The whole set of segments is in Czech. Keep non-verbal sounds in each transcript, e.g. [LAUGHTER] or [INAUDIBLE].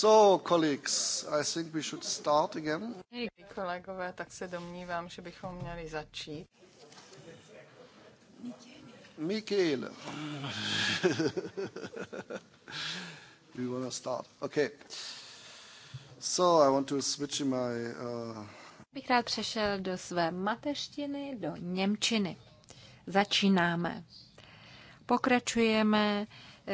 So, colleagues, I think we should start again. Kolegové, tak se domnívám, že bychom měli začít. Michael. we want to start. Okay. So, I want to switch my... Uh... Bych rád přešel do své mateštiny, do Němčiny. Začínáme. Pokračujeme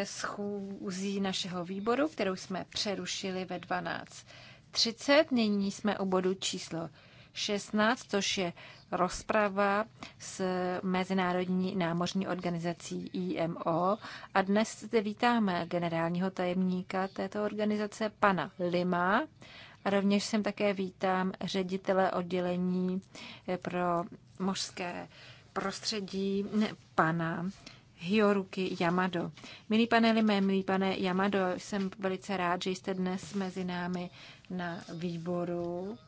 schůzí našeho výboru, kterou jsme přerušili ve 12.30. Nyní jsme u bodu číslo 16, což je rozprava s Mezinárodní námořní organizací IMO. A dnes zde vítáme generálního tajemníka této organizace, pana Lima. A rovněž jsem také vítám ředitele oddělení pro mořské prostředí, pana Hioruki Yamado. Milí pane Lime, milí pane Yamado, jsem velice rád, že jste dnes mezi námi na výboru.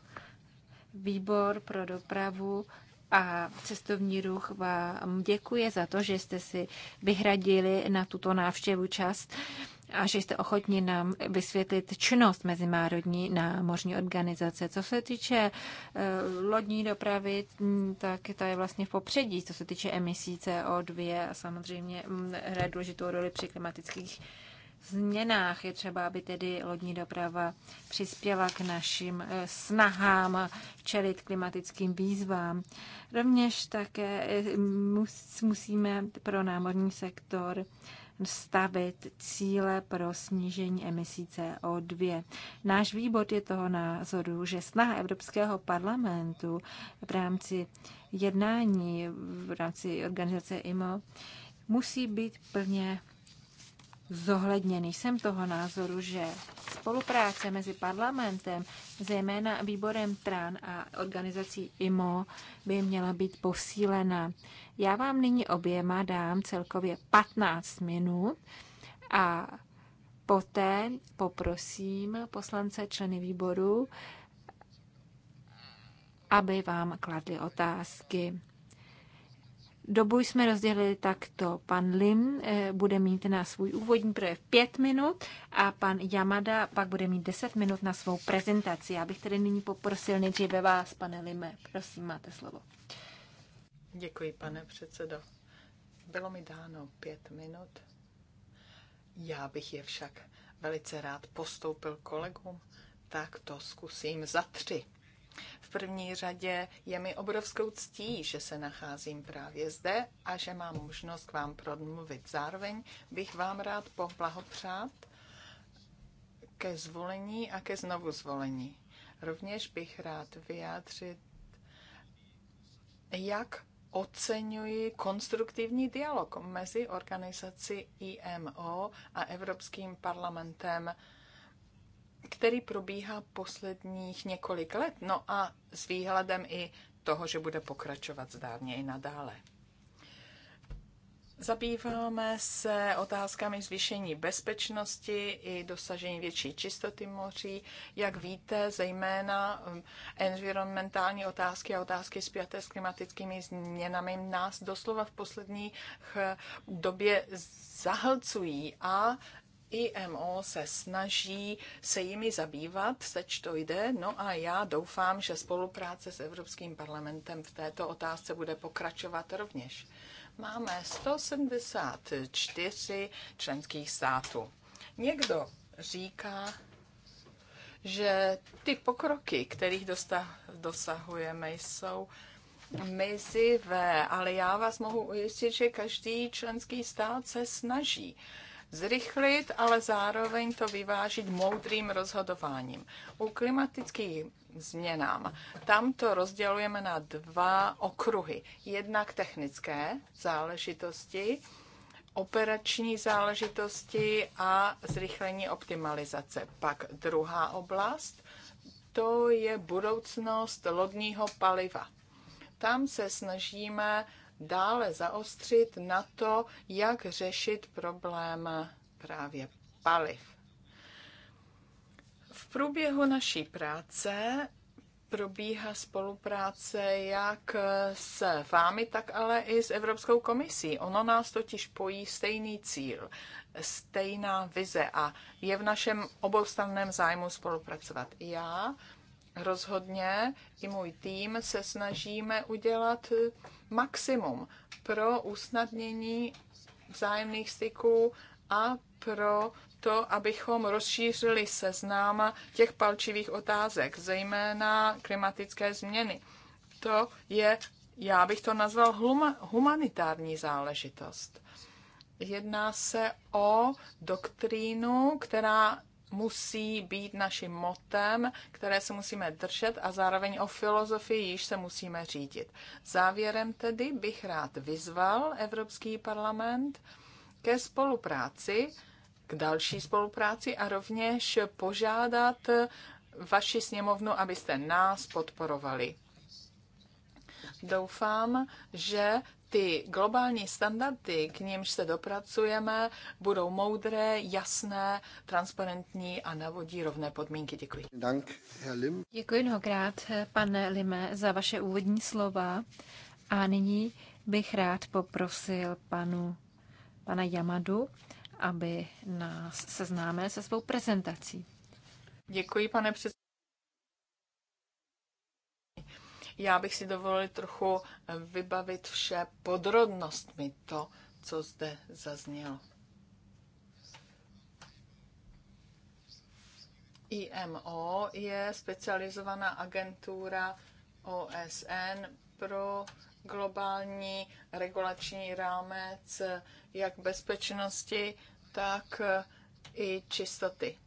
Výbor pro dopravu a cestovní ruch vám děkuje za to, že jste si vyhradili na tuto návštěvu čas a že jste ochotni nám vysvětlit činnost Mezinárodní námořní organizace. Co se týče eh, lodní dopravy, mm, tak ta je vlastně v popředí, co se týče emisí CO2 a samozřejmě mm, hraje důležitou roli při klimatických změnách. Je třeba, aby tedy lodní doprava přispěla k našim eh, snahám čelit klimatickým výzvám. Rovněž také eh, musíme pro námorní sektor stavit cíle pro snížení emisí CO2. Náš výbor je toho názoru, že snaha Evropského parlamentu v rámci jednání v rámci organizace IMO musí být plně zohledněny. Jsem toho názoru, že spolupráce mezi parlamentem, zejména výborem TRAN a organizací IMO by měla být posílena. Já vám nyní oběma dám celkově 15 minut a poté poprosím poslance členy výboru, aby vám kladli otázky. Dobu jsme rozdělili takto. Pan Lim eh, bude mít na svůj úvodní projev pět minut a pan Yamada pak bude mít deset minut na svou prezentaci. Já bych tedy nyní poprosil nejdříve vás, pane Lime. Prosím, máte slovo. Děkuji, pane předsedo. Bylo mi dáno pět minut. Já bych je však velice rád postoupil kolegům, tak to zkusím za tři. V první řadě je mi obrovskou ctí, že se nacházím právě zde a že mám možnost k vám promluvit. Zároveň bych vám rád poblahopřát ke zvolení a ke znovu zvolení. Rovněž bych rád vyjádřit, jak oceňuji konstruktivní dialog mezi organizací IMO a Evropským parlamentem, který probíhá posledních několik let, no a s výhledem i toho, že bude pokračovat zdárně i nadále. Zabýváme se otázkami zvýšení bezpečnosti i dosažení větší čistoty moří. Jak víte, zejména um, environmentální otázky a otázky spjaté s klimatickými změnami nás doslova v posledních eh, době zahlcují a IMO se snaží se jimi zabývat, seč to jde, no a já doufám, že spolupráce s Evropským parlamentem v této otázce bude pokračovat rovněž máme 174 členských států. Někdo říká, že ty pokroky, kterých dosahujeme, jsou mizivé, ale já vás mohu ujistit, že každý členský stát se snaží zrychlit, ale zároveň to vyvážit moudrým rozhodováním. U klimatických změnám tam to rozdělujeme na dva okruhy. Jednak technické záležitosti, operační záležitosti a zrychlení optimalizace. Pak druhá oblast, to je budoucnost lodního paliva. Tam se snažíme dále zaostřit na to, jak řešit problém právě paliv. V průběhu naší práce probíhá spolupráce jak s vámi, tak ale i s Evropskou komisí. Ono nás totiž pojí stejný cíl, stejná vize a je v našem oboustranném zájmu spolupracovat. Já rozhodně i můj tým se snažíme udělat maximum pro usnadnění vzájemných styků a pro to, abychom rozšířili seznám těch palčivých otázek, zejména klimatické změny. To je, já bych to nazval humanitární záležitost. Jedná se o doktrínu, která musí být naším motem, které se musíme držet a zároveň o filozofii již se musíme řídit. Závěrem tedy bych rád vyzval Evropský parlament ke spolupráci, k další spolupráci a rovněž požádat vaši sněmovnu, abyste nás podporovali. Doufám, že ty globální standardy, k nímž se dopracujeme, budou moudré, jasné, transparentní a navodí rovné podmínky. Děkuji. Dank, Lim. Děkuji mnohokrát, pane Lime, za vaše úvodní slova. A nyní bych rád poprosil panu, pana Yamadu, aby nás seznámil se svou prezentací. Děkuji, pane předsedající. Já bych si dovolil trochu vybavit vše podrobnostmi to, co zde zaznělo. IMO je specializovaná agentura OSN pro globální regulační rámec jak bezpečnosti, tak i čistoty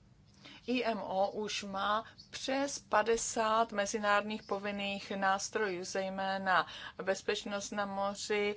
IMO už má přes 50 mezinárodních povinných nástrojů, zejména bezpečnost na moři,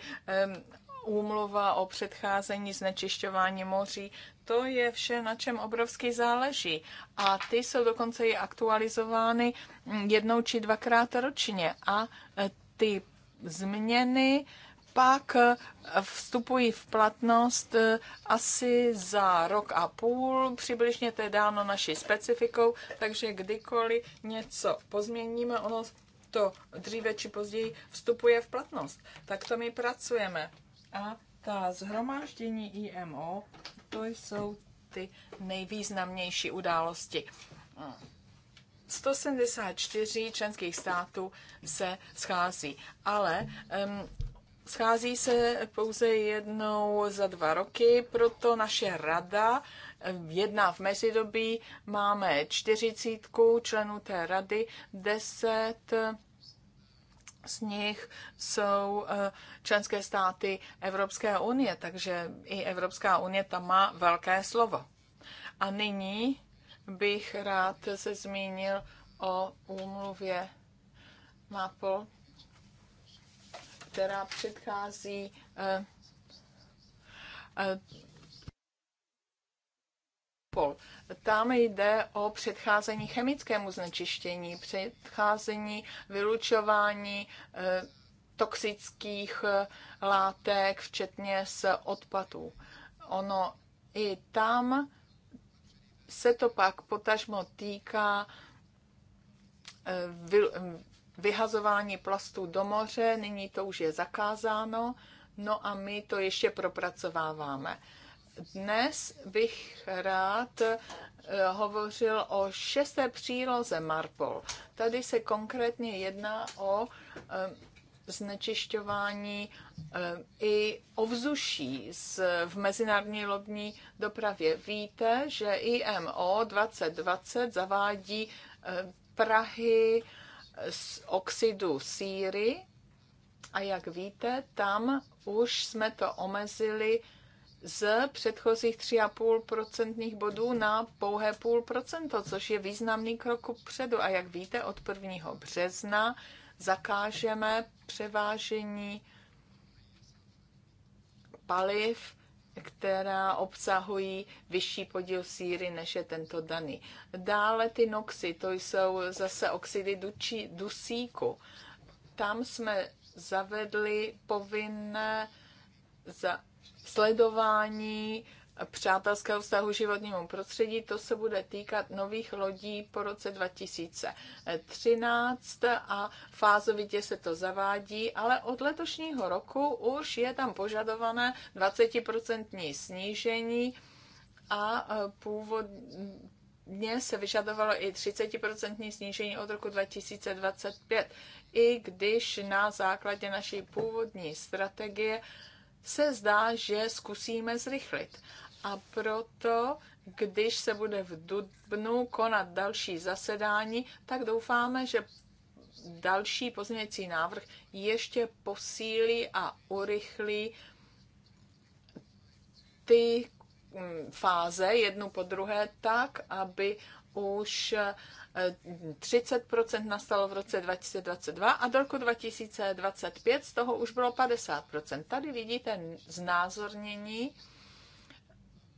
úmluva o předcházení znečišťování moří. To je vše, na čem obrovský záleží. A ty jsou dokonce i aktualizovány mm, jednou či dvakrát ročně. A e, ty změny pak eh, vstupují v platnost eh, asi za rok a půl, přibližně to je dáno naší specifikou, takže kdykoliv něco pozměníme, ono to dříve či později vstupuje v platnost. Tak to my pracujeme. A ta zhromáždění IMO, to jsou ty nejvýznamnější události. 174 členských států se schází, ale um, Schází se pouze jednou za dva roky, proto naše rada jedná v mezidobí. Máme čtyřicítku členů té rady, deset z nich jsou eh, členské státy Evropské unie, takže i Evropská unie tam má velké slovo. A nyní bych rád se zmínil o úmluvě MAPL která předchází eh, eh, Pol. Tam jde o předcházení chemickému znečištění, předcházení vylučování eh, toxických látek, včetně z odpadů. Ono i tam se to pak potažmo týká vyhazování plastů do moře, nyní to už je zakázáno, no a my to ještě propracováváme. Dnes bych rád eh, hovořil o šesté příloze Marpol. Tady se konkrétně jedná o eh, znečišťování eh, i ovzduší v mezinárodní lodní dopravě. Víte, že IMO 2020 zavádí Prahy, z oxidu síry a jak víte, tam už jsme to omezili z předchozích 3,5% bodů na pouhé půl procento, což je významný krok předu. A jak víte, od 1. března zakážeme převážení paliv která obsahují vyšší podíl síry, než je tento daný. Dále ty noxy, to jsou zase oxidy dučí, dusíku. Tam jsme zavedli povinné za sledování přátelského vztahu životnímu prostředí. To se bude týkat nových lodí po roce 2013 a fázovitě se to zavádí, ale od letošního roku už je tam požadované 20% snížení a e, původ, mně se vyžadovalo i 30% snížení od roku 2025, i když na základě naší původní strategie se zdá, že zkusíme zrychlit. A proto, když se bude v Dubnu konat další zasedání, tak doufáme, že další pozměňující návrh ještě posílí a urychlí ty Mm, fáze jednu po druhé tak, aby už 30% eh, nastalo v roce 2022 a do roku 2025 z toho už bylo 50%. Tady vidíte znázornění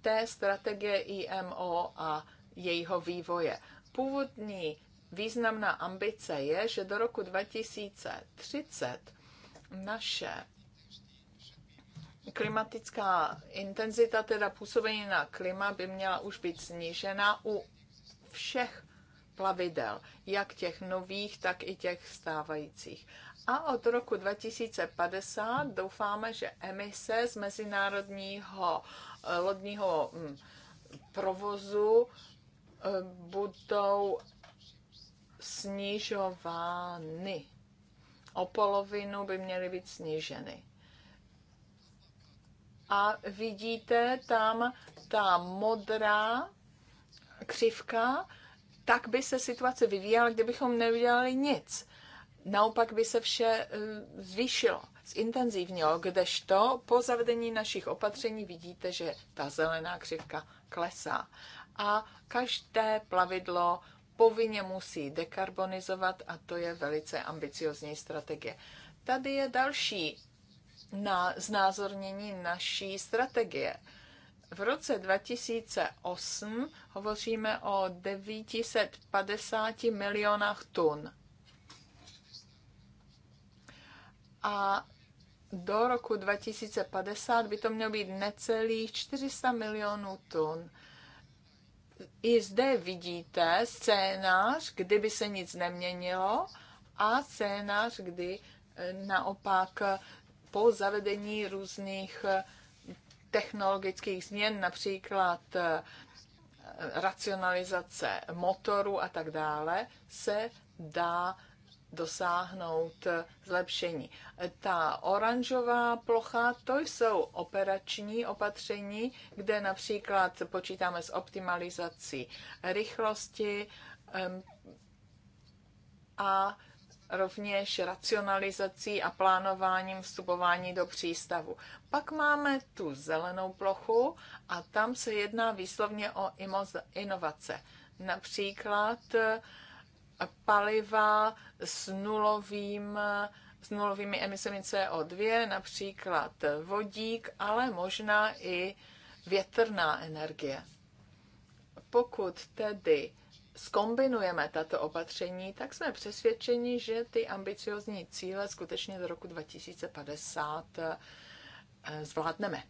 té strategie IMO a jejího vývoje. Původní významná ambice je, že do roku 2030 naše klimatická intenzita, teda působení na klima, by měla už být snížena u všech plavidel, jak těch nových, tak i těch stávajících. A od roku 2050 doufáme, že emise z mezinárodního eh, lodního hm, provozu eh, budou snižovány. O polovinu by měly být sníženy a vidíte tam ta modrá křivka, tak by se situace vyvíjela, kdybychom neudělali nic. Naopak by se vše eh, zvýšilo, zintenzivnilo, kdežto po zavedení našich opatření vidíte, že ta zelená křivka klesá. A každé plavidlo povinně musí dekarbonizovat a to je velice ambiciozní strategie. Tady je další na znázornění naší strategie. V roce 2008 hovoříme o 950 milionách tun. A do roku 2050 by to mělo být necelých 400 milionů tun. I zde vidíte scénář, kdyby se nic neměnilo a scénář, kdy naopak po zavedení různých eh, technologických změn, například eh, racionalizace motoru a tak dále, se dá dosáhnout eh, zlepšení. Ta oranžová plocha, to jsou operační opatření, kde například počítáme s optimalizací rychlosti a rovněž racionalizací a plánováním vstupování do přístavu. Pak máme tu zelenou plochu a tam se jedná výslovně o inovace. Například eh, paliva s, nulovým, s nulovými emisemi CO2, například vodík, ale možná i větrná energie. Pokud tedy skombinujeme tato opatření, tak jsme přesvědčeni, že ty ambiciozní cíle skutečně do roku 2050 eh, zvládneme.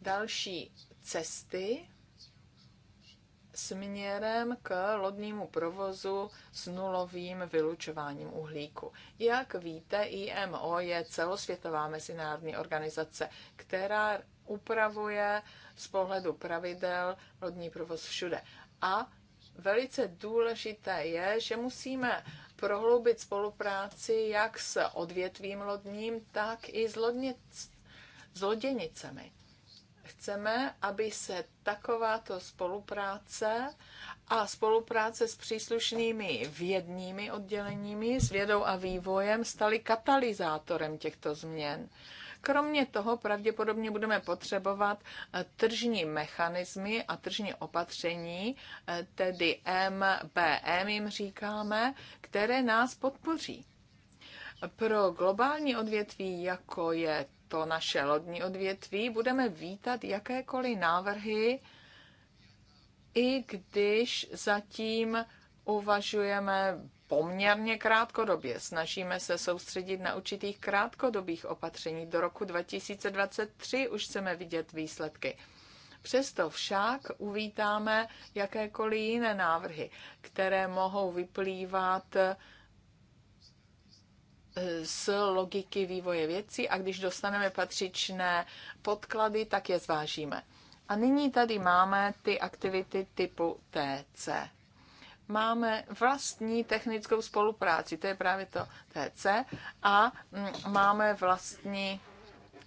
Další cesty směrem k lodnímu provozu s nulovým vylučováním uhlíku. Jak víte, IMO je celosvětová mezinárodní organizace, která upravuje z pohledu pravidel lodní provoz všude. A velice důležité je, že musíme prohloubit spolupráci jak s odvětvím lodním, tak i s, lodnic, s loděnicemi. Chceme, aby se takováto spolupráce a spolupráce s příslušnými vědními odděleními, s vědou a vývojem staly katalyzátorem těchto změn. Kromě toho pravděpodobně budeme potřebovat eh, tržní mechanismy a tržní opatření, eh, tedy MBM jim říkáme, které nás podpoří. Pro globální odvětví, jako je to naše lodní odvětví, budeme vítat jakékoliv návrhy, i když zatím uvažujeme poměrně krátkodobě. Snažíme se soustředit na určitých krátkodobých opatření. Do roku 2023 už chceme vidět výsledky. Přesto však uvítáme jakékoliv jiné návrhy, které mohou vyplývat eh, z logiky vývoje věcí a když dostaneme patřičné podklady, tak je zvážíme. A nyní tady máme ty aktivity typu TC máme vlastní technickou spolupráci, to je právě to TC, a mm, máme vlastní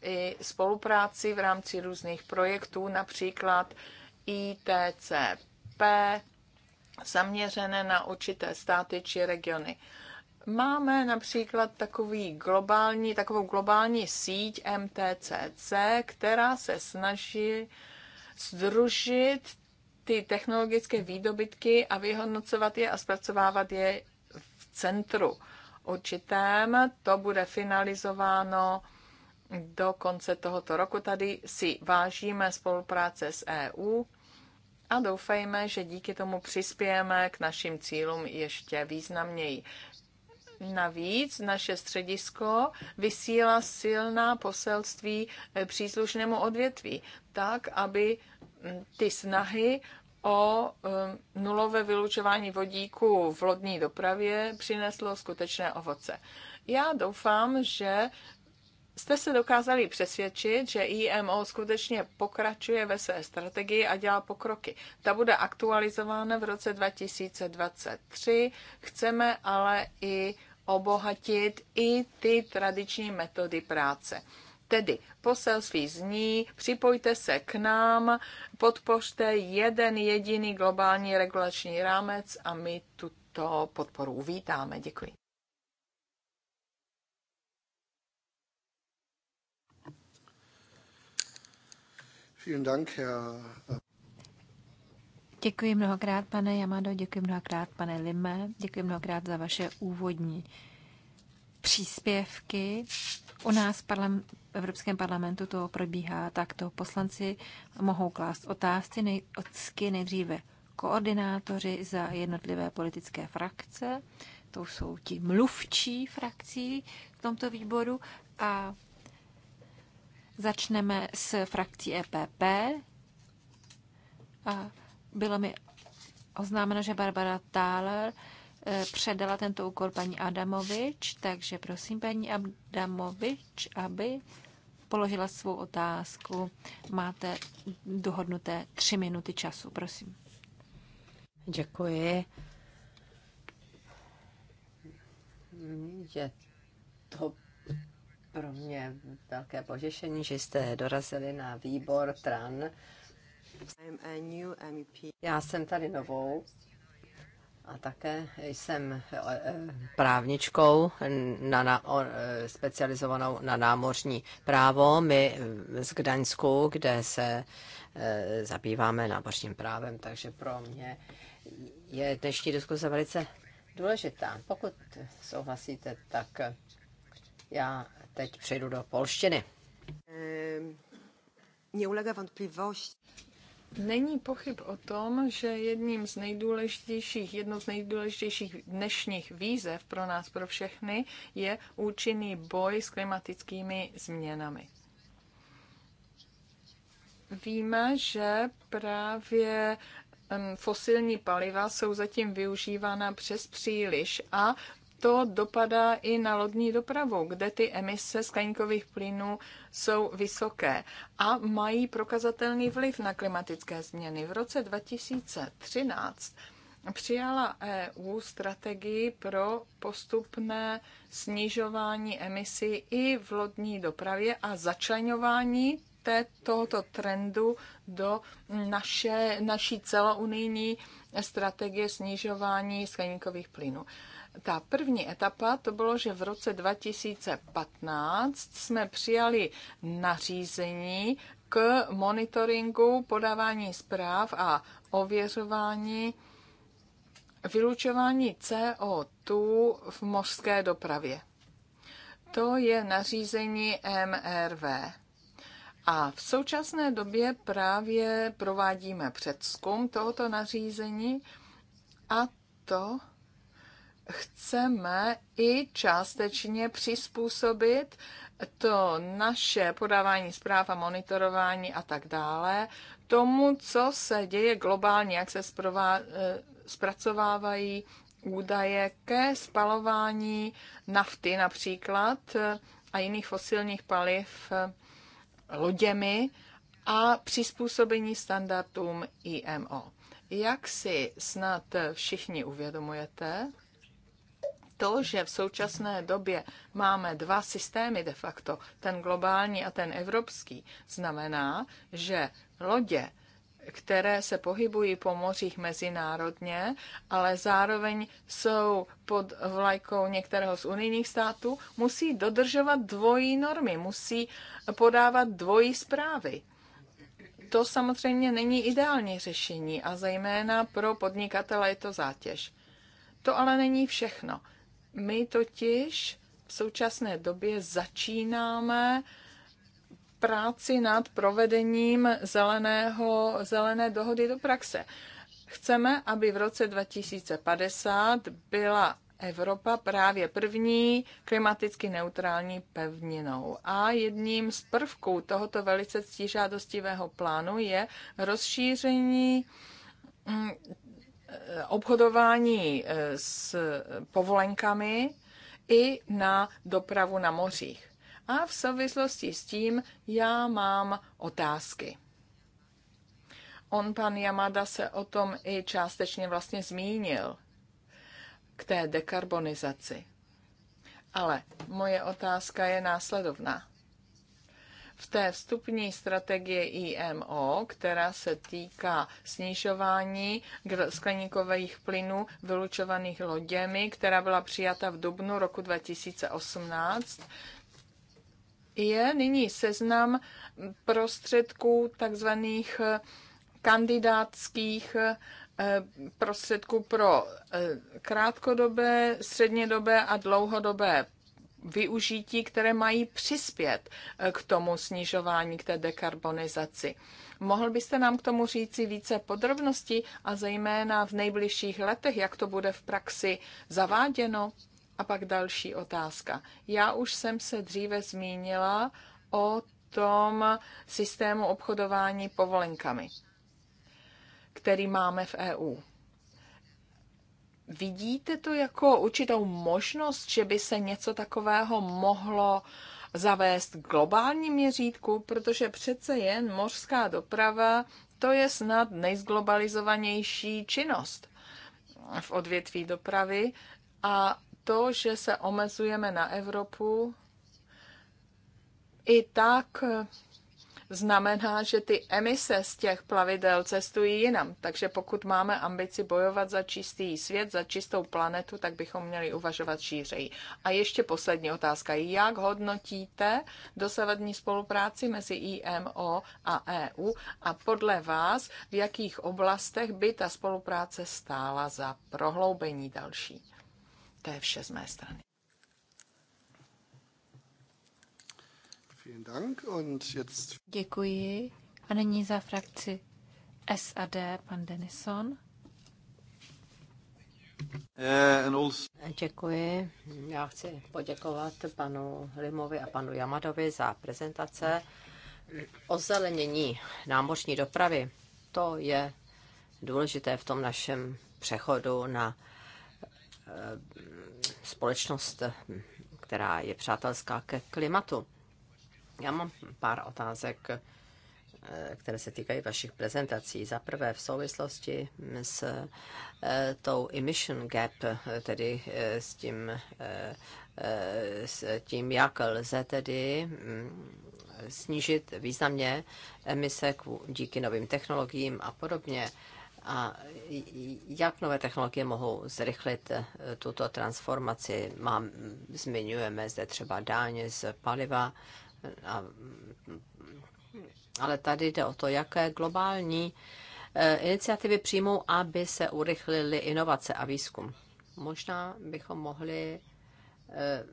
i spolupráci v rámci různých projektů, například ITCP, zaměřené na určité státy či regiony. Máme například takový globální, takovou globální síť MTCC, která se snaží združit ty technologické výdobytky a vyhodnocovat je a zpracovávat je v centru určitém. To bude finalizováno do konce tohoto roku. Tady si vážíme spolupráce s EU a doufejme, že díky tomu přispějeme k našim cílům ještě významněji. Navíc naše středisko vysílá silná poselství příslušnému odvětví, tak, aby ty snahy o um, nulové vylučování vodíku v lodní dopravě přineslo skutečné ovoce. Já doufám, že jste se dokázali přesvědčit, že IMO skutečně pokračuje ve své strategii a dělá pokroky. Ta bude aktualizována v roce 2023. Chceme ale i obohatit i ty tradiční metody práce. Tedy poselství zní, připojte se k nám, podpořte jeden jediný globální regulační rámec a my tuto podporu uvítáme. Děkuji. Děkuji mnohokrát, pane Yamado, děkuji mnohokrát, pane Lime, děkuji mnohokrát za vaše úvodní příspěvky. U nás v, parlam- v Evropském parlamentu to probíhá takto. Poslanci mohou klást otázky, nej- otázky nejdříve koordinátoři za jednotlivé politické frakce, to jsou ti mluvčí frakcí v tomto výboru a začneme s frakcí EPP. A bylo mi oznámeno, že Barbara Thaler Eh, předala tento úkol paní Adamovič, takže prosím paní Adamovič, aby položila svou otázku. Máte dohodnuté tři minuty času, prosím. Děkuji. Je to pro mě velké požešení, že jste dorazili na výbor TRAN. Já jsem tady novou a také jsem eh, právničkou na, na, eh, specializovanou na námořní právo. My eh, z Gdaňsku, kde se zabýváme námořním právem, takže pro mě je dnešní diskuse velice důležitá. Pokud souhlasíte, tak já teď přejdu do polštiny. Ehm, nie ulega wątpliwości. Není pochyb o tom, že jedním z nejdůležitějších, jednou z nejdůležitějších dnešních výzev pro nás, pro všechny, je účinný boj s klimatickými změnami. Víme, že právě fosilní paliva jsou zatím využívána přes příliš a to dopadá i na lodní dopravu, kde ty emise skleníkových plynů jsou vysoké a mají prokazatelný vliv na klimatické změny. V roce 2013 přijala EU strategii pro postupné snižování emisí i v lodní dopravě a začlenování tohoto trendu do naše, naší celounijní strategie snižování skleníkových plynů. Ta první etapa to bylo, že v roce 2015 jsme přijali nařízení k monitoringu podávání zpráv a ověřování vylučování CO2 v mořské dopravě. To je nařízení MRV. A v současné době právě provádíme předzkum tohoto nařízení a to chceme i částečně přizpůsobit to naše podávání zpráv a monitorování a tak dále tomu, co se děje globálně, jak se zprová, eh, zpracovávají údaje ke spalování nafty například eh, a jiných fosilních paliv eh, loděmi a přizpůsobení standardům IMO. Jak si snad všichni uvědomujete, to, že v současné době máme dva systémy de facto, ten globální a ten evropský, znamená, že lodě, které se pohybují po mořích mezinárodně, ale zároveň jsou pod vlajkou některého z unijních států, musí dodržovat dvojí normy, musí podávat dvojí zprávy to samozřejmě není ideální řešení a zejména pro podnikatele je to zátěž. To ale není všechno. My totiž v současné době začínáme práci nad provedením zeleného, zelené dohody do praxe. Chceme, aby v roce 2050 byla Evropa právě první klimaticky neutrální pevninou. A jedním z prvků tohoto velice ctižádostivého plánu je rozšíření mm, Eh, obchodování eh, s povolenkami i na dopravu na mořích. A v souvislosti s tím já mám otázky. On, pan Yamada, se o tom i částečně vlastně zmínil k té dekarbonizaci. Ale moje otázka je následovná v té vstupní strategie IMO, která se týká snižování skleníkových plynů vylučovaných loděmi, která byla přijata v dubnu roku 2018, je nyní seznam prostředků takzvaných eh, kandidátských eh, prostředků pro eh, krátkodobé, střednědobé a dlouhodobé využití, které mají přispět eh, k tomu snižování, k té dekarbonizaci. Mohl byste nám k tomu říci více podrobností a zejména v nejbližších letech, jak to bude v praxi zaváděno? A pak další otázka. Já už jsem se dříve zmínila o tom systému obchodování povolenkami, který máme v EU. Vidíte to jako určitou možnost, že by se něco takového mohlo zavést globální měřítku, protože přece jen mořská doprava to je snad nejzglobalizovanější činnost v odvětví dopravy a to, že se omezujeme na Evropu, i tak znamená, že ty emise z těch plavidel cestují jinam. Takže pokud máme ambici bojovat za čistý svět, za čistou planetu, tak bychom měli uvažovat šířeji. A ještě poslední otázka. Jak hodnotíte dosavadní spolupráci mezi IMO a EU a podle vás, v jakých oblastech by ta spolupráce stála za prohloubení další? To je vše z mé strany. Děkuji. A nyní za frakci SAD pan Denison. Eh, Děkuji. Já chci poděkovat panu Limovi a panu Jamadovi za prezentace. Ozelenění námořní dopravy, to je důležité v tom našem přechodu na eh, společnost, která je přátelská ke klimatu. Já mám pár otázek, eh, které se týkají vašich prezentací. Za prvé v souvislosti s eh, tou emission gap, eh, tedy s tím, s tím jak lze tedy mm, snížit významně emise díky novým technologiím a podobně. A jak nové technologie mohou zrychlit tuto transformaci? Mám, zmiňujeme zde třeba dáně z paliva a, ale tady jde o to, jaké globální e, iniciativy přijmou, aby se urychlily inovace a výzkum. Možná bychom mohli e,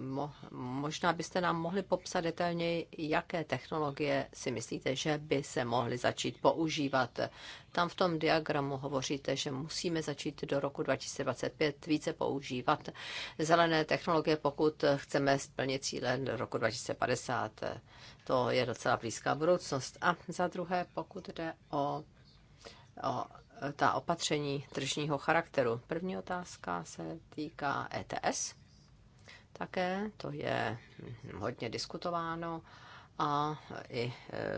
mo, možná byste nám mohli popsat detailněji, jaké technologie si myslíte, že by se mohly začít používat. Tam v tom diagramu hovoříte, že musíme začít do roku 2025 více používat zelené technologie, pokud chceme splnit cíle do roku 2050. To je docela blízká budoucnost. A za druhé, pokud jde o, o ta opatření tržního charakteru. První otázka se týká ETS také, to je hodně diskutováno a i e,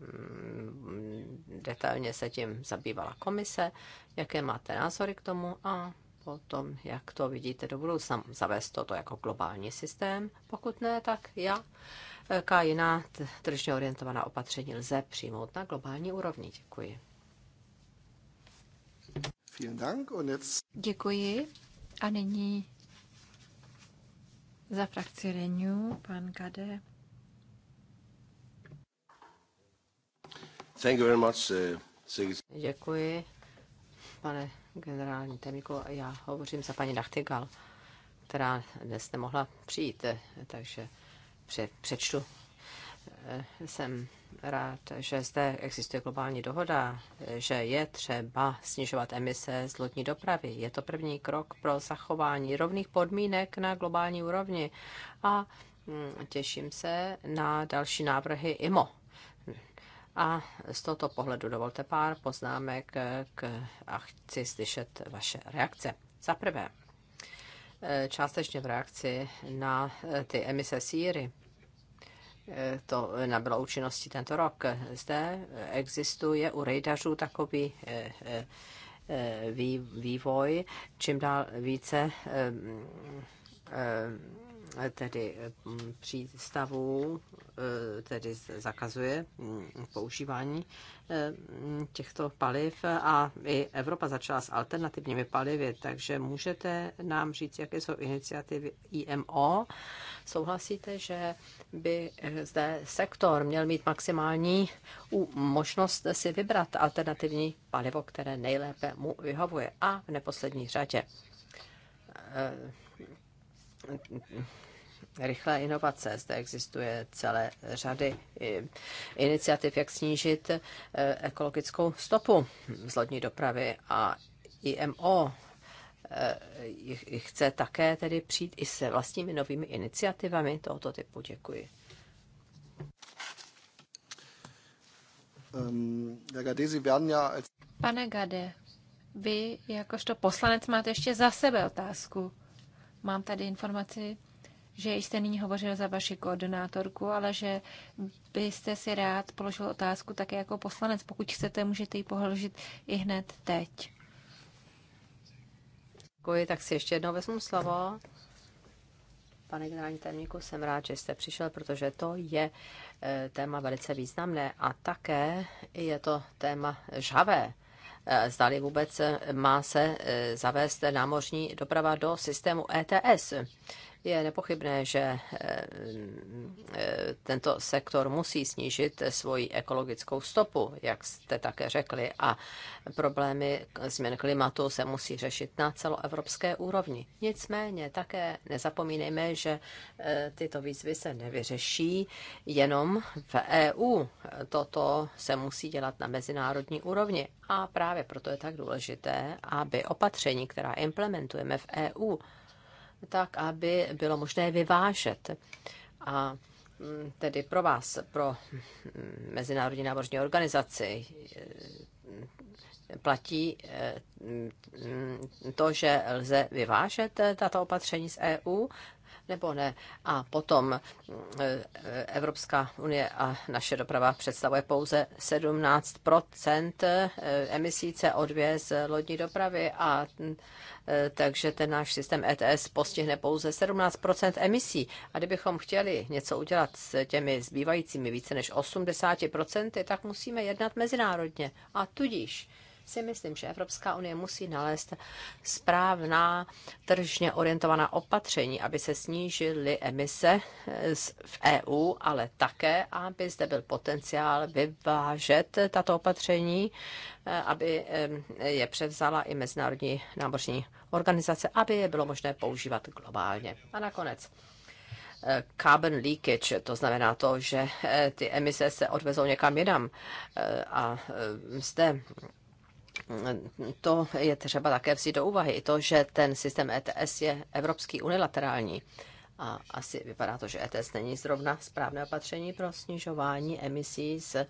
mm, detailně se tím zabývala komise, jaké máte názory k tomu a potom, jak to vidíte do budoucna, zavést toto jako globální systém, pokud ne, tak já, jaká e, jiná tržně orientovaná opatření lze přijmout na globální úrovni. Děkuji. Děkuji. A nyní za frakci Renew, pan Kade. Thank you very much, uh, Děkuji, pane generální Temiko. Já hovořím za paní Nachtigal, která dnes nemohla přijít, eh, takže pře- přečtu jsem rád, že zde existuje globální dohoda, že je třeba snižovat emise z lodní dopravy. Je to první krok pro zachování rovných podmínek na globální úrovni a mm, těším se na další návrhy IMO. A z tohoto pohledu dovolte pár poznámek k, a chci slyšet vaše reakce. Za prvé, e, částečně v reakci na e, ty emise síry to nabylo účinnosti tento rok. Zde existuje u rejdařů takový eh, eh, vývoj, čím dál více eh, tedy mm, přístavů, eh, tedy zakazuje mm, používání eh, mm, těchto paliv a i Evropa začala s alternativními palivy, takže můžete nám říct, jaké jsou iniciativy IMO. Souhlasíte, že by eh, zde sektor měl mít maximální možnost si vybrat alternativní palivo, které nejlépe mu vyhovuje a v neposlední řadě rychlé inovace. Zde existuje celé řady iniciativ, jak snížit eh, ekologickou stopu z lodní dopravy a IMO eh, chce také tedy přijít i se vlastními novými iniciativami tohoto typu. Děkuji. Ehm, Pane Gade, vy jakožto poslanec máte ještě za sebe otázku. Mám tady informaci, že jste nyní hovořil za vaši koordinátorku, ale že byste si rád položil otázku také jako poslanec. Pokud chcete, můžete ji položit i hned teď. Děkuji, tak si ještě jednou vezmu slovo. Pane generální tajemníku, jsem rád, že jste přišel, protože to je eh, téma velice významné a také je to téma žavé. Eh, zdali vůbec eh, má se eh, zavést námořní doprava do systému ETS. Je nepochybné, že eh, eh, tento sektor musí snížit svoji ekologickou stopu, jak jste také řekli, a problémy změn klimatu se musí řešit na celoevropské úrovni. Nicméně také nezapomínejme, že eh, tyto výzvy se nevyřeší jenom v EU. Toto se musí dělat na mezinárodní úrovni. A právě proto je tak důležité, aby opatření, která implementujeme v EU, tak aby bylo možné vyvážet. A mm, tedy pro vás, pro mm, Mezinárodní námořní organizaci, eh, platí eh, mm, to, že lze vyvážet eh, tato opatření z EU nebo ne. A potom eh, Evropská unie a naše doprava představuje pouze 17 eh, emisí CO2 z lodní dopravy a eh, takže ten náš systém ETS postihne pouze 17 emisí. A kdybychom chtěli něco udělat s těmi zbývajícími více než 80 tak musíme jednat mezinárodně. A tudíž si myslím, že Evropská unie musí nalézt správná tržně orientovaná opatření, aby se snížily emise v EU, ale také, aby zde byl potenciál vyvážet tato opatření, eh, aby eh, je převzala i Mezinárodní námořní organizace, aby je bylo možné používat globálně. A nakonec eh, carbon leakage, to znamená to, že ty emise se odvezou někam jinam. A zde to je třeba také vzít do úvahy. I to, že ten systém ETS je evropský unilaterální. A asi vypadá to, že ETS není zrovna správné opatření pro snižování emisí z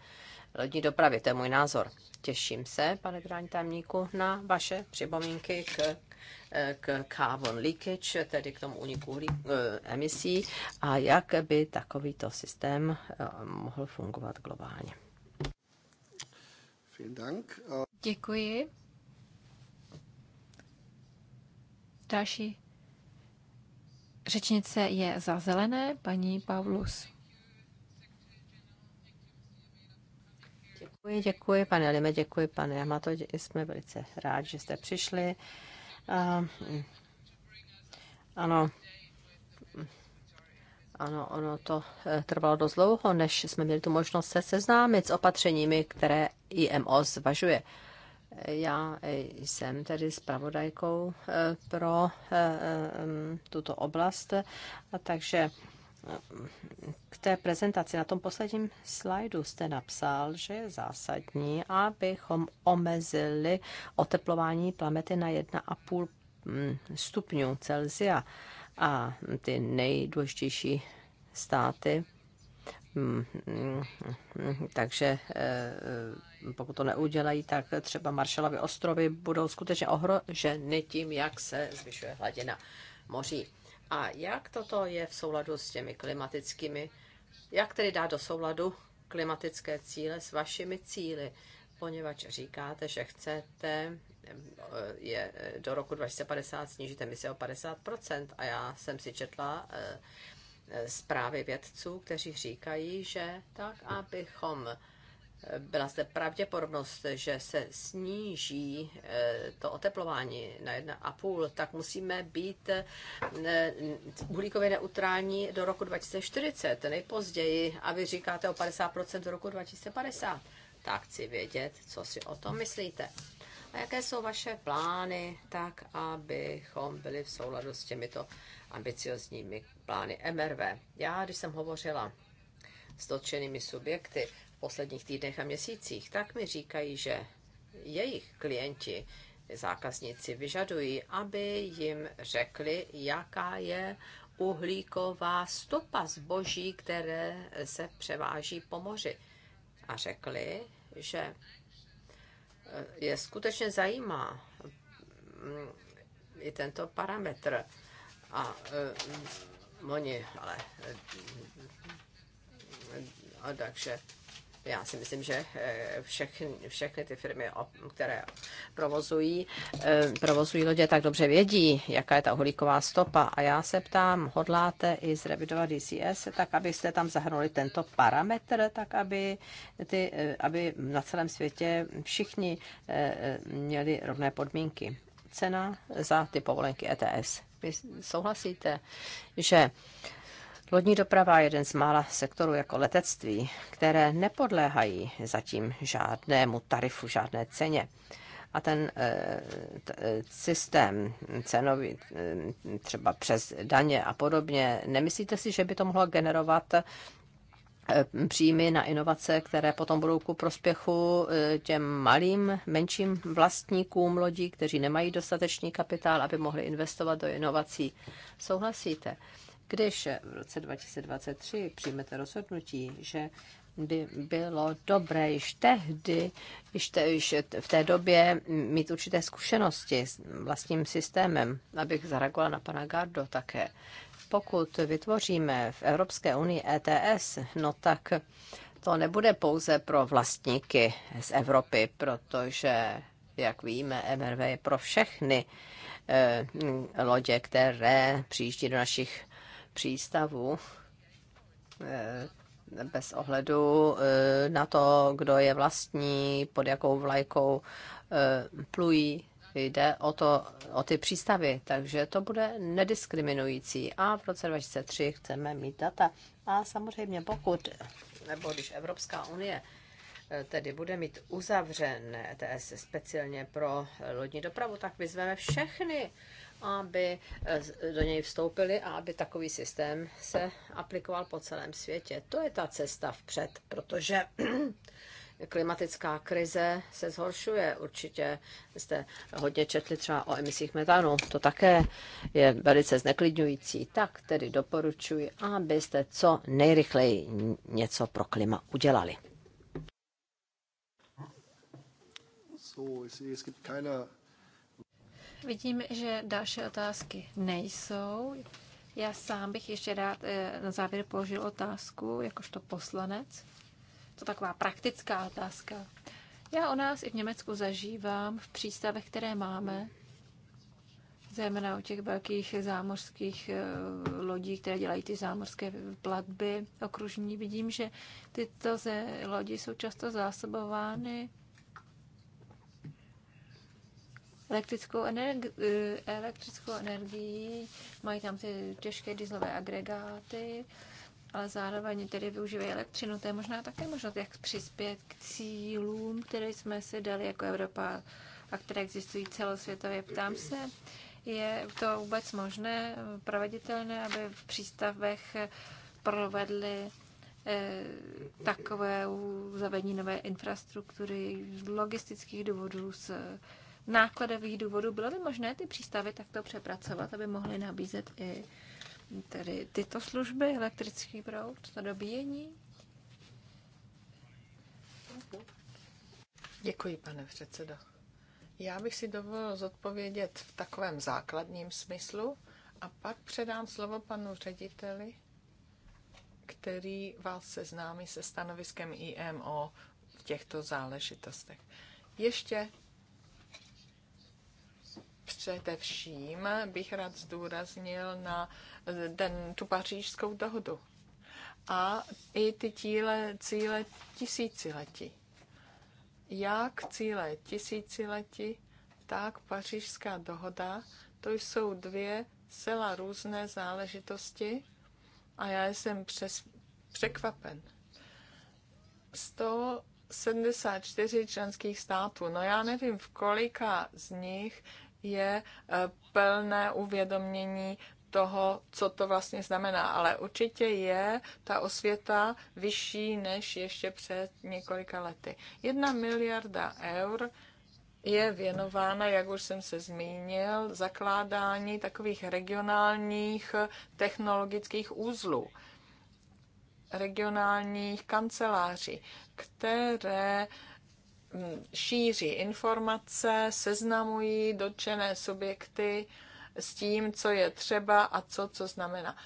lodní dopravy. To je můj názor. Těším se, pane grání tajemníku, na vaše připomínky k, k carbon leakage, tedy k tomu uniku e, emisí a jak by takovýto systém e, mohl fungovat globálně. Vielen Dank. Děkuji. Další řečnice je za zelené, paní Pavlus. Děkuji, děkuji, pane Lime, děkuji, pane Yamato, jsme velice rádi, že jste přišli. Uh, ano, ano, ono to eh, trvalo dost dlouho, než jsme měli tu možnost se seznámit s opatřeními, které IMO zvažuje. Uh, já jsem tedy zpravodajkou eh, pro eh, eh, tuto oblast, a takže k té prezentaci na tom posledním slajdu jste napsal, že je zásadní, abychom omezili oteplování planety na 1,5 hm, stupňů Celsia. A ty nejdůležitější státy hm, hm, takže pokud to neudělají, tak třeba Marshallovy ostrovy budou skutečně ohroženy tím, jak se zvyšuje hladina moří. A jak toto je v souladu s těmi klimatickými, jak tedy dá do souladu klimatické cíle s vašimi cíly, poněvadž říkáte, že chcete eh, je do roku 2050 snížit emise o 50%. A já jsem si četla eh, eh, zprávy vědců, kteří říkají, že tak, abychom byla zde pravděpodobnost, že se sníží eh, to oteplování na 1,5, tak musíme být eh, uhlíkově neutrální do roku 2040, nejpozději, a vy říkáte o 50% do roku 2050. Tak chci vědět, co si o tom myslíte. A jaké jsou vaše plány, tak abychom byli v souladu s těmito ambiciozními plány MRV. Já, když jsem hovořila s dotčenými subjekty, posledních týdnech a měsících, tak mi říkají, že jejich klienti, zákazníci vyžadují, aby jim řekli, jaká je uhlíková stopa zboží, které se převáží po moři. A řekli, že eh, je skutečně zajímá mm, i tento parametr. A um, oni, ale eh, a takže já si myslím, že eh, všechny, všechny ty firmy, které provozují, eh, provozují lodě, tak dobře vědí, jaká je ta uhlíková stopa. A já se ptám, hodláte i zrevidovat DCS, tak abyste tam zahrnuli tento parametr, tak aby, ty, eh, aby na celém světě všichni měli rovné podmínky. Cena za ty povolenky ETS. Vy souhlasíte, že Lodní doprava je jeden z mála sektorů jako letectví, které nepodléhají zatím žádnému tarifu, žádné ceně. A ten eh, eh, systém cenový, eh, třeba přes daně a podobně, nemyslíte si, že by to mohlo generovat příjmy na inovace, které potom budou ku prospěchu těm malým, menším vlastníkům lodí, kteří nemají dostatečný kapitál, aby mohli investovat do inovací. Souhlasíte? když v roce 2023 přijmete rozhodnutí, že by bylo dobré již tehdy, již, te, již v té době mít určité zkušenosti s vlastním systémem, abych zareagovala na pana Gardo také. Pokud vytvoříme v Evropské unii ETS, no tak to nebude pouze pro vlastníky z Evropy, protože, jak víme, MRV je pro všechny eh, lodě, které přijíždí do našich přístavu eh, bez ohledu eh, na to, kdo je vlastní, pod jakou vlajkou eh, plují. Jde o, to, o ty přístavy, takže to bude nediskriminující. A v roce 2003 chceme mít data. A samozřejmě pokud, nebo když Evropská unie tedy bude mít uzavřené TS e speciálně pro lodní dopravu, tak vyzveme všechny aby eh, do něj vstoupili a aby takový systém se aplikoval po celém světě. To je ta cesta vpřed, protože [CLEARS THROAT] klimatická krize se zhoršuje. Určitě jste hodně četli třeba o emisích metanu. To také je velice zneklidňující. Tak tedy doporučuji, abyste co nejrychleji něco pro klima udělali. So, es gibt Vidím, že další otázky nejsou. Já sám bych ještě rád eh, na závěr položil otázku, jakožto poslanec. To taková praktická otázka. Já o nás i v Německu zažívám v přístavech, které máme, zejména u těch velkých zámořských eh, lodí, které dělají ty zámořské platby okružní, vidím, že tyto lodi jsou často zásobovány elektrickou, energi- eh, elektrickou energii, mají tam ty těžké dieselové agregáty, ale zároveň tedy využívají elektřinu. To je možná také možnost, jak přispět k cílům, které jsme si dali jako Evropa a které existují celosvětově. Ptám se, je to vůbec možné, proveditelné, aby v přístavech provedli eh, takové zavedení nové infrastruktury z logistických důvodů, z nákladových důvodů, bylo by možné ty přístavy takto přepracovat, aby mohly nabízet i tedy tyto služby, elektrický proud, to dobíjení? Děkuji, pane předsedo. Já bych si dovolil zodpovědět v takovém základním smyslu a pak předám slovo panu řediteli, který vás seznámí se stanoviskem IMO v těchto záležitostech. Ještě Především bych rád zdůraznil na ten, tu pařížskou dohodu a i ty cíle, cíle tisíciletí. Jak cíle tisíciletí, tak pařížská dohoda, to jsou dvě zcela různé záležitosti a já jsem přes, překvapen. 174 členských států, no já nevím, v kolika z nich je eh, plné uvědomění toho, co to vlastně znamená. Ale určitě je ta osvěta vyšší než ještě před několika lety. Jedna miliarda eur je věnována, jak už jsem se zmínil, zakládání takových regionálních technologických uzlů, regionálních kanceláří, které uh, šíří informace, seznamují dotčené subjekty s tím, co je třeba a co, co znamená.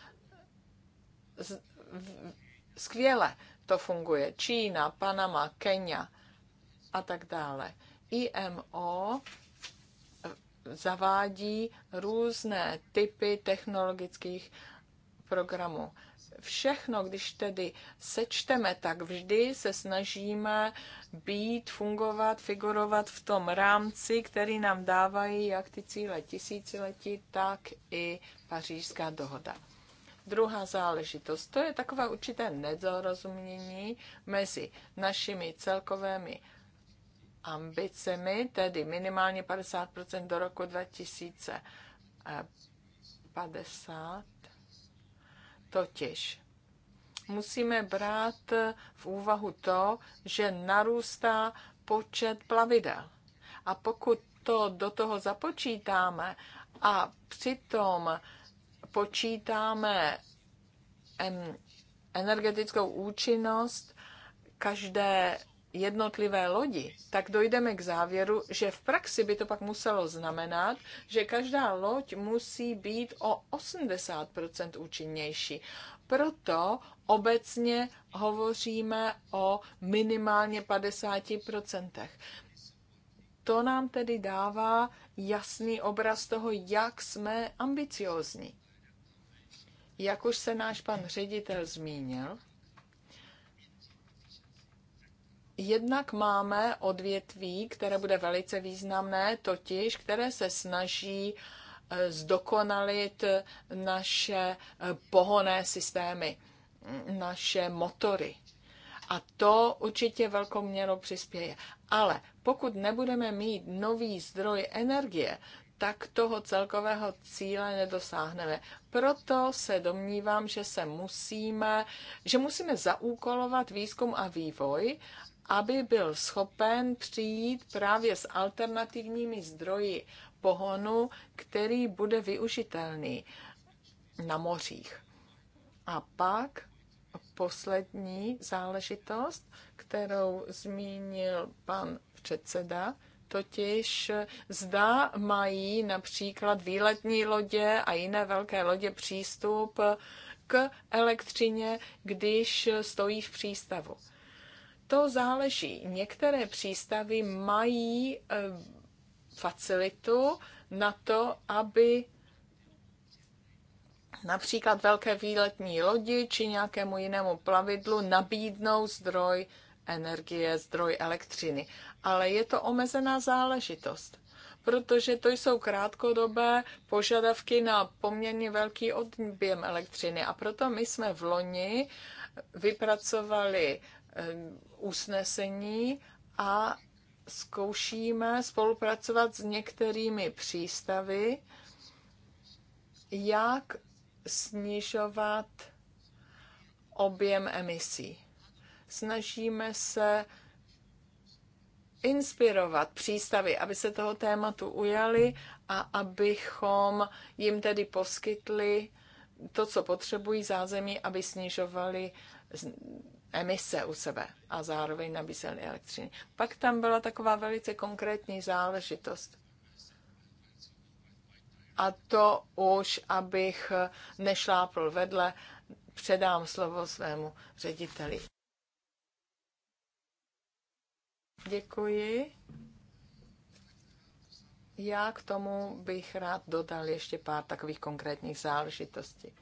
Skvěle to funguje. Čína, Panama, Kenya a tak dále. IMO zavádí různé typy technologických programů všechno, když tedy sečteme, tak vždy se snažíme být, fungovat, figurovat v tom rámci, který nám dávají jak ty cíle tisíciletí, tak i pařížská dohoda. Druhá záležitost, to je takové určité nedorozumění mezi našimi celkovými ambicemi, tedy minimálně 50% do roku 2050 Totiž musíme brát v úvahu to, že narůstá počet plavidel. A pokud to do toho započítáme a přitom počítáme energetickou účinnost každé jednotlivé lodi, tak dojdeme k závěru, že v praxi by to pak muselo znamenat, že každá loď musí být o 80% účinnější. Proto obecně hovoříme o minimálně 50%. To nám tedy dává jasný obraz toho, jak jsme ambiciozní. Jak už se náš pan ředitel zmínil, Jednak máme odvětví, které bude velice významné, totiž které se snaží eh, zdokonalit eh, naše eh, pohoné systémy, mm, naše motory. A to určitě velkou měrou přispěje. Ale pokud nebudeme mít nový zdroj energie, tak toho celkového cíle nedosáhneme. Proto se domnívám, že se musíme, že musíme zaúkolovat výzkum a vývoj aby byl schopen přijít právě s alternativními zdroji pohonu, který bude využitelný na mořích. A pak poslední záležitost, kterou zmínil pan předseda, totiž zda mají například výletní lodě a jiné velké lodě přístup k elektřině, když stojí v přístavu. To záleží. Některé přístavy mají eh, facilitu na to, aby například velké výletní lodi či nějakému jinému plavidlu nabídnou zdroj energie, zdroj elektřiny. Ale je to omezená záležitost, protože to jsou krátkodobé požadavky na poměrně velký objem elektřiny. A proto my jsme v loni vypracovali usnesení a zkoušíme spolupracovat s některými přístavy, jak snižovat objem emisí. Snažíme se inspirovat přístavy, aby se toho tématu ujali a abychom jim tedy poskytli to, co potřebují zázemí, aby snižovali emise u sebe a zároveň nabízeli elektřiny. Pak tam byla taková velice konkrétní záležitost. A to už, abych nešlápl vedle, předám slovo svému řediteli. Děkuji. Já k tomu bych rád dodal ještě pár takových konkrétních záležitostí.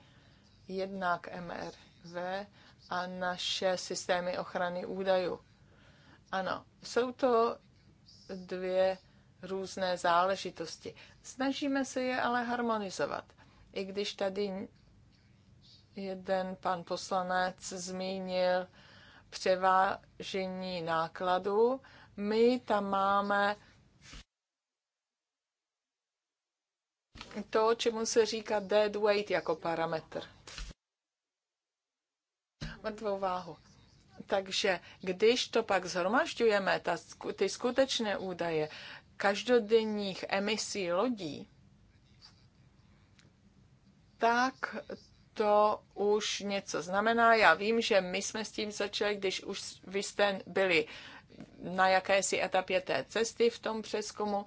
Jednak MRV a naše systémy ochrany údajů. Ano, jsou to dvě různé záležitosti. Snažíme se je ale harmonizovat. I když tady jeden pan poslanec zmínil převážení nákladů, my tam máme to, čemu se říká dead weight jako parametr mrtvou váhu. Takže když to pak zhromažďujeme, ta, ty skutečné údaje každodenních emisí lodí, tak to už něco znamená. Já vím, že my jsme s tím začali, když už vy jste byli na jakési etapě té cesty v tom přeskumu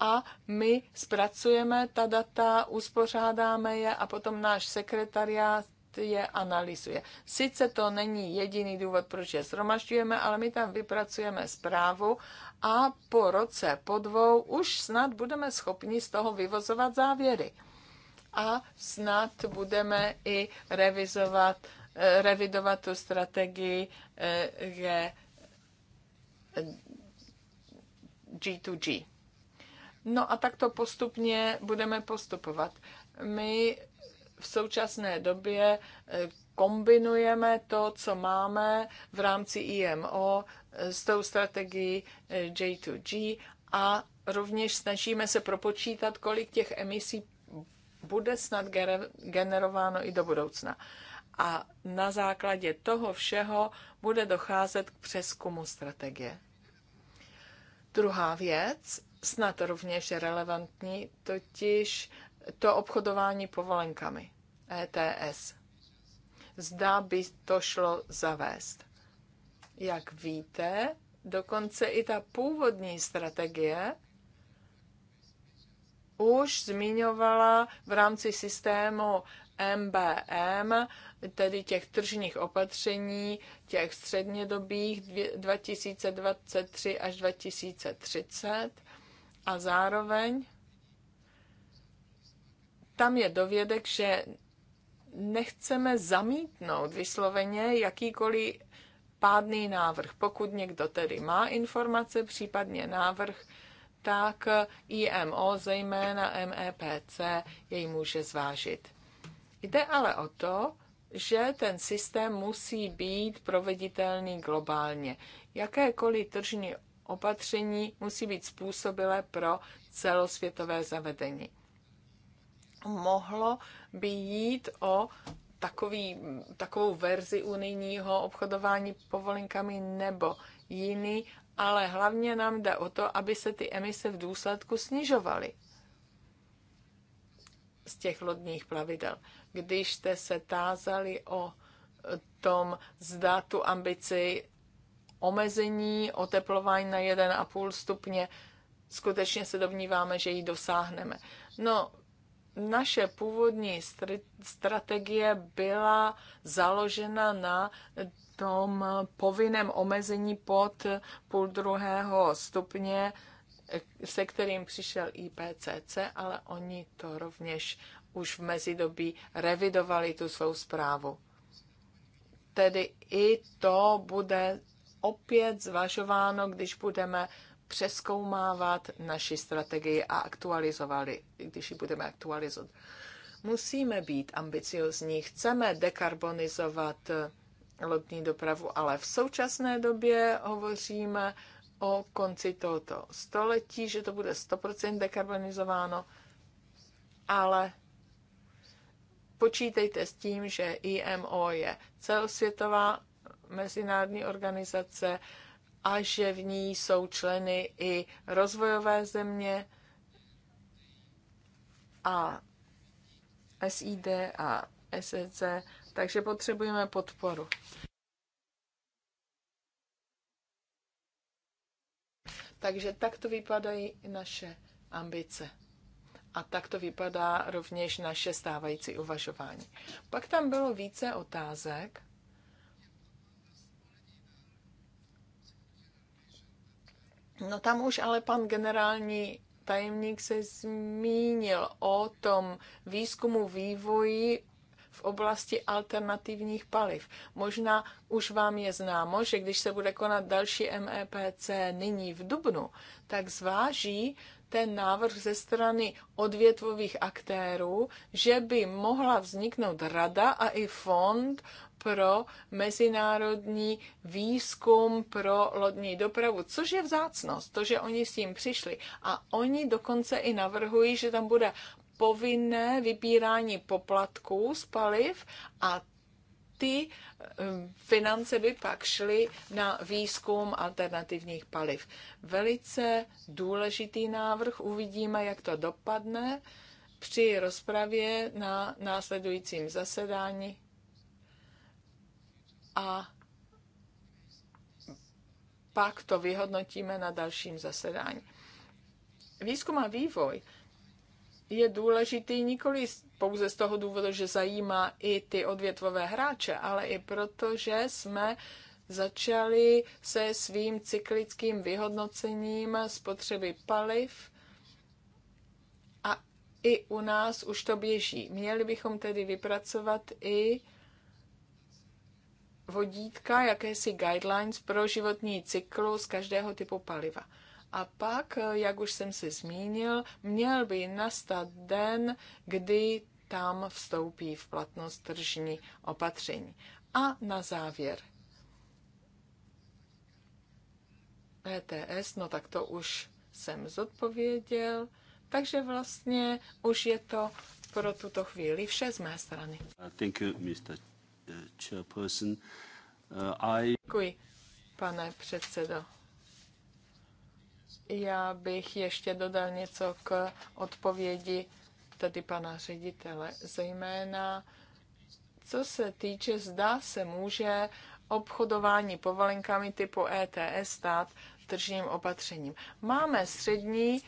a my zpracujeme ta data, uspořádáme je a potom náš sekretariát je analyzuje. Sice to není jediný důvod, proč je zhromažďujeme, ale my tam vypracujeme zprávu a po roce, po dvou už snad budeme schopni z toho vyvozovat závěry. A snad budeme i revizovat, eh, revidovat tu strategii G2G. Eh, eh, no a tak to postupně budeme postupovat. My v současné době eh, kombinujeme to, co máme v rámci IMO eh, s tou strategií eh, J2G a rovněž snažíme se propočítat, kolik těch emisí bude snad generováno i do budoucna. A na základě toho všeho bude docházet k přeskumu strategie. Druhá věc, snad rovněž relevantní, totiž to obchodování povolenkami, ETS. Zdá by to šlo zavést. Jak víte, dokonce i ta původní strategie už zmiňovala v rámci systému MBM, tedy těch tržních opatření, těch střednědobých 2023 až 2030 a zároveň tam je dovědek, že nechceme zamítnout vysloveně jakýkoliv pádný návrh. Pokud někdo tedy má informace, případně návrh, tak IMO, zejména MEPC, jej může zvážit. Jde ale o to, že ten systém musí být proveditelný globálně. Jakékoliv tržní opatření musí být způsobilé pro celosvětové zavedení mohlo by jít o takový, takovou verzi unijního obchodování povolenkami nebo jiný, ale hlavně nám jde o to, aby se ty emise v důsledku snižovaly z těch lodních plavidel. Když jste se tázali o tom, zda tu ambici omezení oteplování na 1,5 stupně, skutečně se domníváme, že ji dosáhneme. No, naše původní strategie byla založena na tom povinném omezení pod půl druhého stupně, se kterým přišel IPCC, ale oni to rovněž už v mezidobí revidovali tu svou zprávu. Tedy i to bude opět zvažováno, když budeme přeskoumávat naši strategii a aktualizovali, když ji budeme aktualizovat. Musíme být ambiciozní, chceme dekarbonizovat lodní dopravu, ale v současné době hovoříme o konci tohoto století, že to bude 100% dekarbonizováno, ale počítejte s tím, že IMO je celosvětová mezinárodní organizace, a že v ní jsou členy i rozvojové země a SID a SEC, takže potřebujeme podporu. Takže takto vypadají naše ambice. A tak to vypadá rovněž naše stávající uvažování. Pak tam bylo více otázek No tam už ale pan generální tajemník se zmínil o tom výzkumu vývoji v oblasti alternativních paliv. Možná už vám je známo, že když se bude konat další MEPC nyní v Dubnu, tak zváží ten návrh ze strany odvětvových aktérů, že by mohla vzniknout rada a i fond pro mezinárodní výzkum pro lodní dopravu, což je vzácnost, to, že oni s tím přišli. A oni dokonce i navrhují, že tam bude povinné vybírání poplatků z paliv a ty eh, finance by pak šly na výzkum alternativních paliv. Velice důležitý návrh, uvidíme, jak to dopadne při rozpravě na následujícím zasedání a pak to vyhodnotíme na dalším zasedání. Výzkum a vývoj je důležitý nikoli pouze z toho důvodu, že zajímá i ty odvětvové hráče, ale i proto, že jsme začali se svým cyklickým vyhodnocením spotřeby paliv a i u nás už to běží. Měli bychom tedy vypracovat i vodítka, jakési guidelines pro životní cyklus každého typu paliva. A pak, jak už jsem se zmínil, měl by nastat den, kdy tam vstoupí v platnost tržní opatření. A na závěr. ETS, no tak to už jsem zodpověděl, takže vlastně už je to pro tuto chvíli vše z mé strany. Thank you, Mr. Eh, chairperson. Uh, I... Děkuji, pane předsedo. Já bych ještě dodal něco k odpovědi tedy pana ředitele, zejména co se týče, zda se může obchodování povolenkami typu ETS stát tržním opatřením. Máme střední,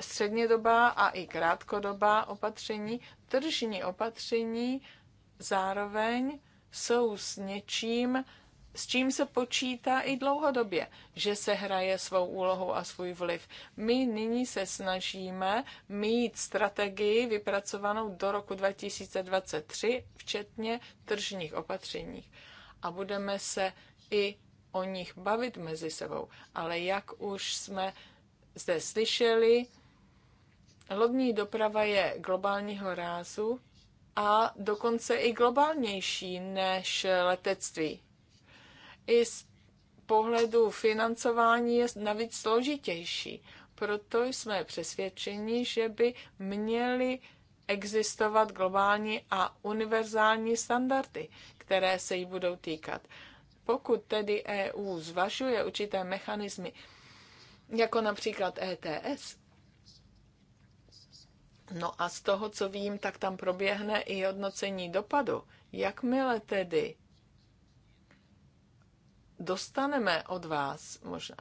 střednědobá a i krátkodobá opatření. Tržní opatření zároveň jsou s něčím, s čím se počítá i dlouhodobě, že se hraje svou úlohu a svůj vliv. My nyní se snažíme mít strategii vypracovanou do roku 2023, včetně tržních opatření. A budeme se i o nich bavit mezi sebou. Ale jak už jsme zde slyšeli, lodní doprava je globálního rázu a dokonce i globálnější než letectví. I z pohledu financování je navíc složitější. Proto jsme přesvědčeni, že by měly existovat globální a univerzální standardy, které se jí budou týkat. Pokud tedy EU zvažuje určité mechanismy, jako například ETS, No a z toho, co vím, tak tam proběhne i hodnocení dopadu. Jakmile tedy dostaneme od vás, možná,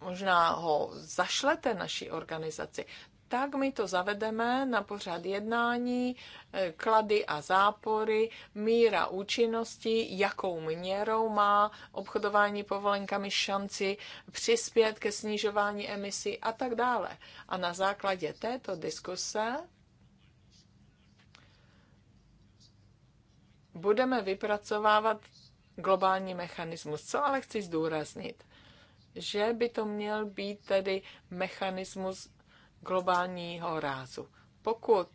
možná ho zašlete naší organizaci, tak my to zavedeme na pořad jednání, e, klady a zápory, míra účinnosti, jakou měrou má obchodování povolenkami šanci přispět ke snižování emisí a tak dále. A na základě této diskuse budeme vypracovávat globální mechanismus. Co ale chci zdůraznit? Že by to měl být tedy mechanismus globálního rázu. Pokud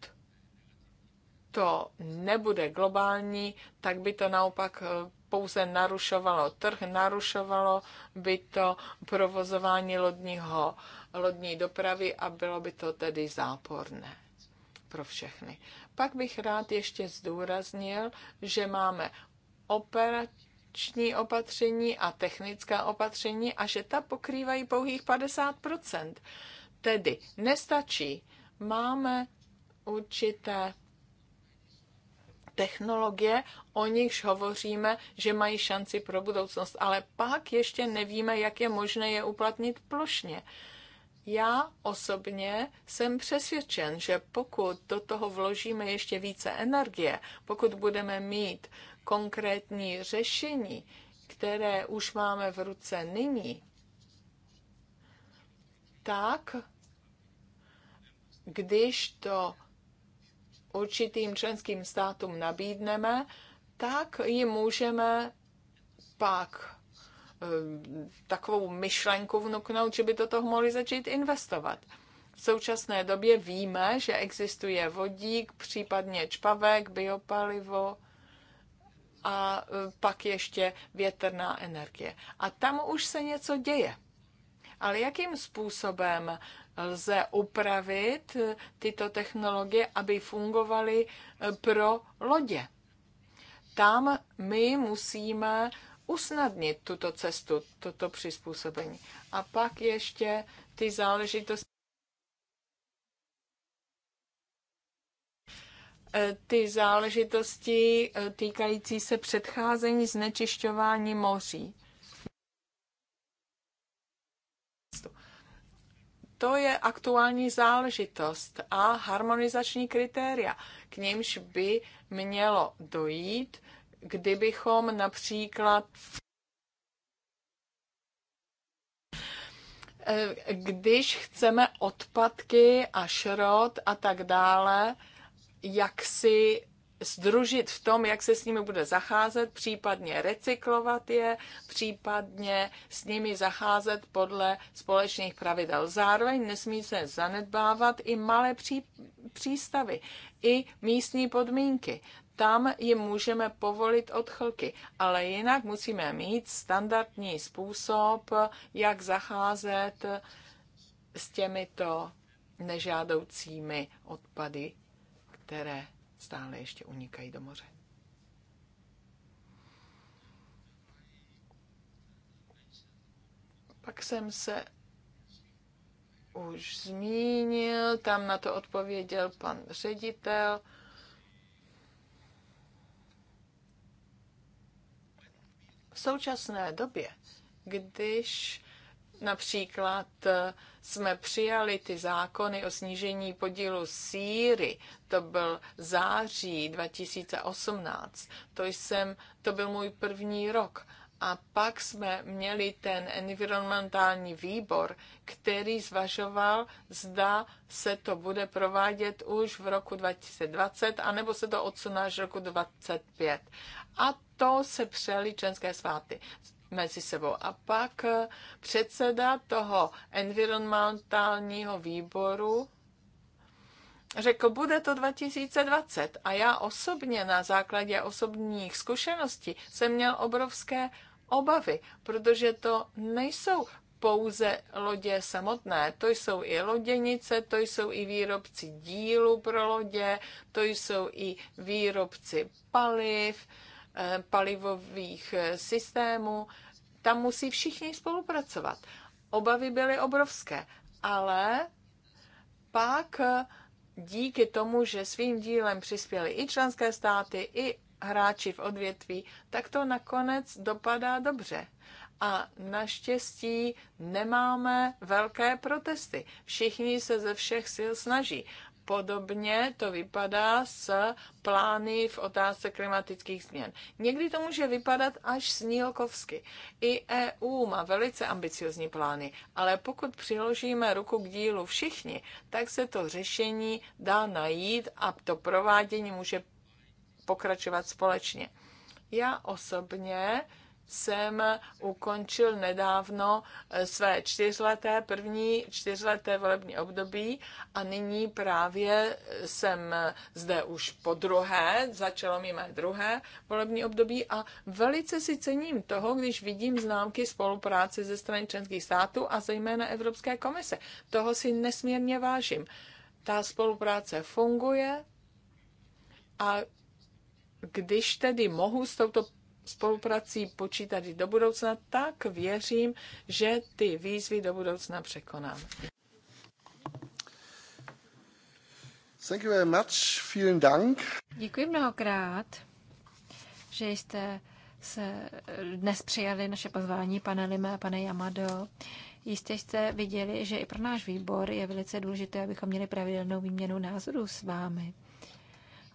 to nebude globální, tak by to naopak eh, pouze narušovalo trh, narušovalo by to provozování lodního, lodní dopravy a bylo by to tedy záporné pro všechny. Pak bych rád ještě zdůraznil, že máme operační opatření a technická opatření a že ta pokrývají pouhých 50 Tedy nestačí. Máme určité technologie, o nichž hovoříme, že mají šanci pro budoucnost, ale pak ještě nevíme, jak je možné je uplatnit plošně. Já osobně jsem přesvědčen, že pokud do toho vložíme ještě více energie, pokud budeme mít konkrétní řešení, které už máme v ruce nyní, tak když to určitým členským státům nabídneme, tak jim můžeme pak eh, takovou myšlenku vnuknout, že by do toho mohli začít investovat. V současné době víme, že existuje vodík, případně čpavek, biopalivo a eh, pak ještě větrná energie. A tam už se něco děje. Ale jakým způsobem lze upravit tyto technologie, aby fungovaly pro lodě. Tam my musíme usnadnit tuto cestu, toto přizpůsobení. A pak ještě ty záležitosti. ty záležitosti týkající se předcházení znečišťování moří. To je aktuální záležitost a harmonizační kritéria, k nímž by mělo dojít, kdybychom například eh, když chceme odpadky a šrot a tak dále, jak si združit v tom, jak se s nimi bude zacházet, případně recyklovat je, případně s nimi zacházet podle společných pravidel. Zároveň nesmí se zanedbávat i malé pří, přístavy, i místní podmínky. Tam jim můžeme povolit odchylky, ale jinak musíme mít standardní způsob, jak zacházet s těmito nežádoucími odpady, které stále ještě unikají do moře. Pak jsem se už zmínil, tam na to odpověděl pan ředitel. V současné době, když Například eh, jsme přijali ty zákony o snížení podílu síry, to byl září 2018, to, jsem, to byl můj první rok. A pak jsme měli ten environmentální výbor, který zvažoval, zda se to bude provádět už v roku 2020, anebo se to odsuná až roku 2025. A to se přeli členské sváty, mezi sebou. A pak eh, předseda toho environmentálního výboru řekl, bude to 2020. A já osobně na základě osobních zkušeností jsem měl obrovské obavy, protože to nejsou pouze lodě samotné. To jsou i loděnice, to jsou i výrobci dílu pro lodě, to jsou i výrobci paliv, Eh, palivových eh, systémů, tam musí všichni spolupracovat. Obavy byly obrovské, ale pak eh, díky tomu, že svým dílem přispěly i členské státy, i hráči v odvětví, tak to nakonec dopadá dobře. A naštěstí nemáme velké protesty. Všichni se ze všech sil snaží. Podobně to vypadá s plány v otázce klimatických změn. Někdy to může vypadat až snílkovsky. I EU má velice ambiciozní plány, ale pokud přiložíme ruku k dílu všichni, tak se to řešení dá najít a to provádění může pokračovat společně. Já osobně jsem ukončil nedávno eh, své čtyřleté, první čtyřleté volební období a nyní právě eh, jsem eh, zde už po druhé, začalo mi mé druhé volební období a velice si cením toho, když vidím známky spolupráce ze strany členských států a zejména Evropské komise. Toho si nesmírně vážím. Ta spolupráce funguje a když tedy mohu s touto spoluprací počítat i do budoucna, tak věřím, že ty výzvy do budoucna překonáme. Thank you very much. Vielen Dank. Děkuji mnohokrát, že jste se dnes přijali naše pozvání, pane Lime a pane Yamado. Jistě jste viděli, že i pro náš výbor je velice důležité, abychom měli pravidelnou výměnu názorů s vámi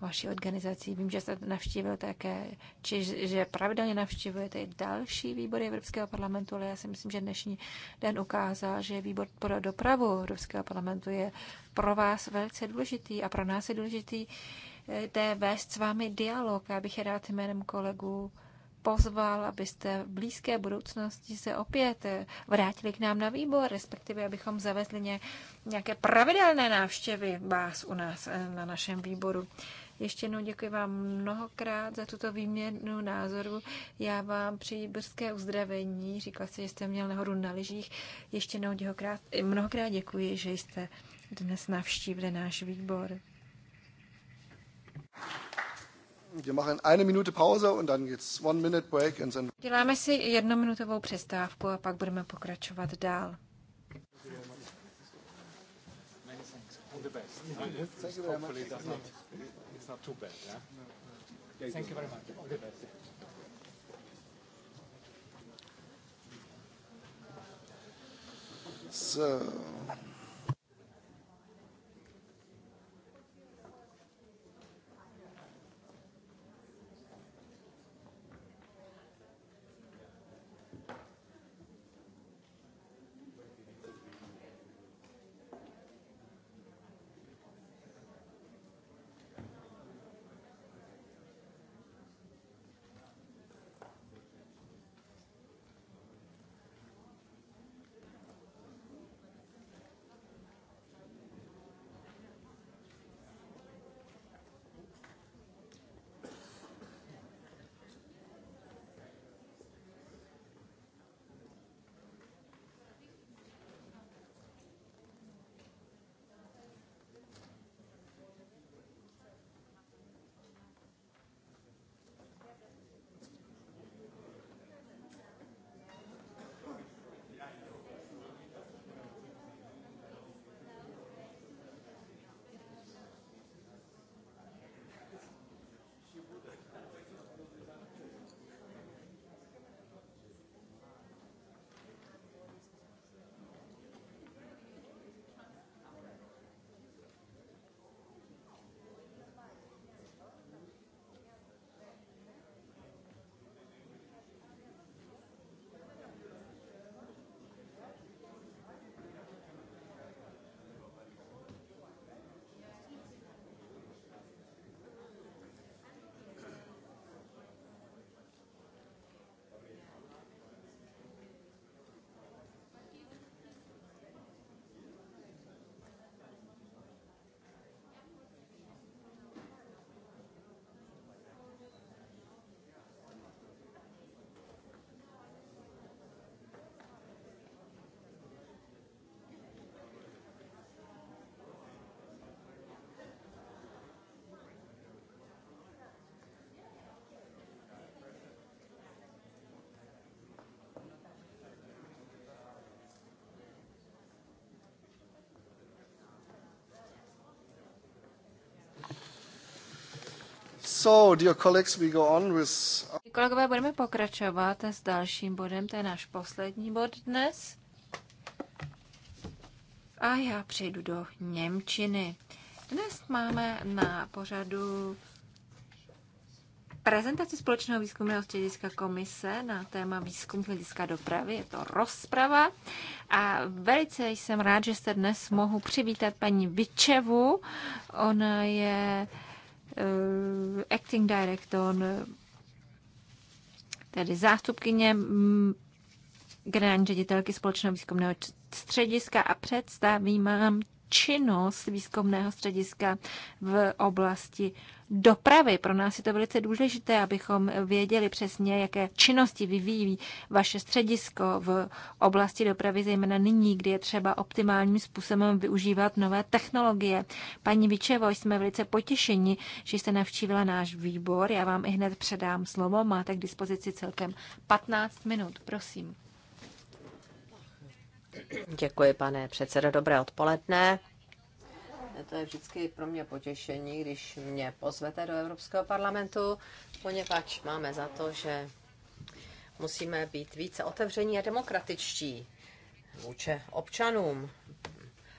vaší organizací. Vím, že jste navštívil také, či že pravidelně navštívujete i další výbory Evropského parlamentu, ale já si myslím, že dnešní den ukázal, že výbor pro dopravu Evropského parlamentu je pro vás velice důležitý a pro nás je důležitý té eh, vést s vámi dialog. Já bych je rád jménem kolegů pozval, abyste v blízké budoucnosti se opět eh, vrátili k nám na výbor, respektive abychom zavezli nějaké pravidelné návštěvy vás u nás eh, na našem výboru. Ještě jednou děkuji vám mnohokrát za tuto výměnu názoru. Já vám přeji brzké uzdravení. Říkala jste, že jste měl nehodu na lyžích. Ještě jednou děkokrát, mnohokrát děkuji, že jste dnes navštívili náš výbor. Děláme si jednominutovou přestávku a pak budeme pokračovat dál. Thank you very much not too bad. Yeah? No, Thank you very much. All the best. So. So, dear colleagues, we go on with... Uh, kolegové, budeme pokračovat s dalším bodem, to je náš poslední bod dnes. A já přejdu do Němčiny. Dnes máme na pořadu prezentaci společného výzkumného střediska komise na téma výzkum hlediska dopravy. Je to rozprava a velice jsem rád, že se dnes mohu přivítat paní Vyčevu. Ona je uh, Eh, acting director, eh, tedy zástupkyně mm, generální ředitelky Společného výzkumného střediska a představím vám činnost výzkumného střediska v oblasti dopravy. Pro nás je to velice důležité, abychom věděli přesně, jaké činnosti vyvíjí vaše středisko v oblasti dopravy, zejména nyní, kdy je třeba optimálním způsobem využívat nové technologie. Paní Vyčevo, jsme velice potěšeni, že jste navštívila náš výbor. Já vám i hned předám slovo. Máte k dispozici celkem 15 minut. Prosím. Děkuji, pane předsedo. Dobré odpoledne to je vždycky pro mě potěšení, když mě pozvete do Evropského parlamentu, poněvadž máme za to, že musíme být více otevření a demokratičtí vůči občanům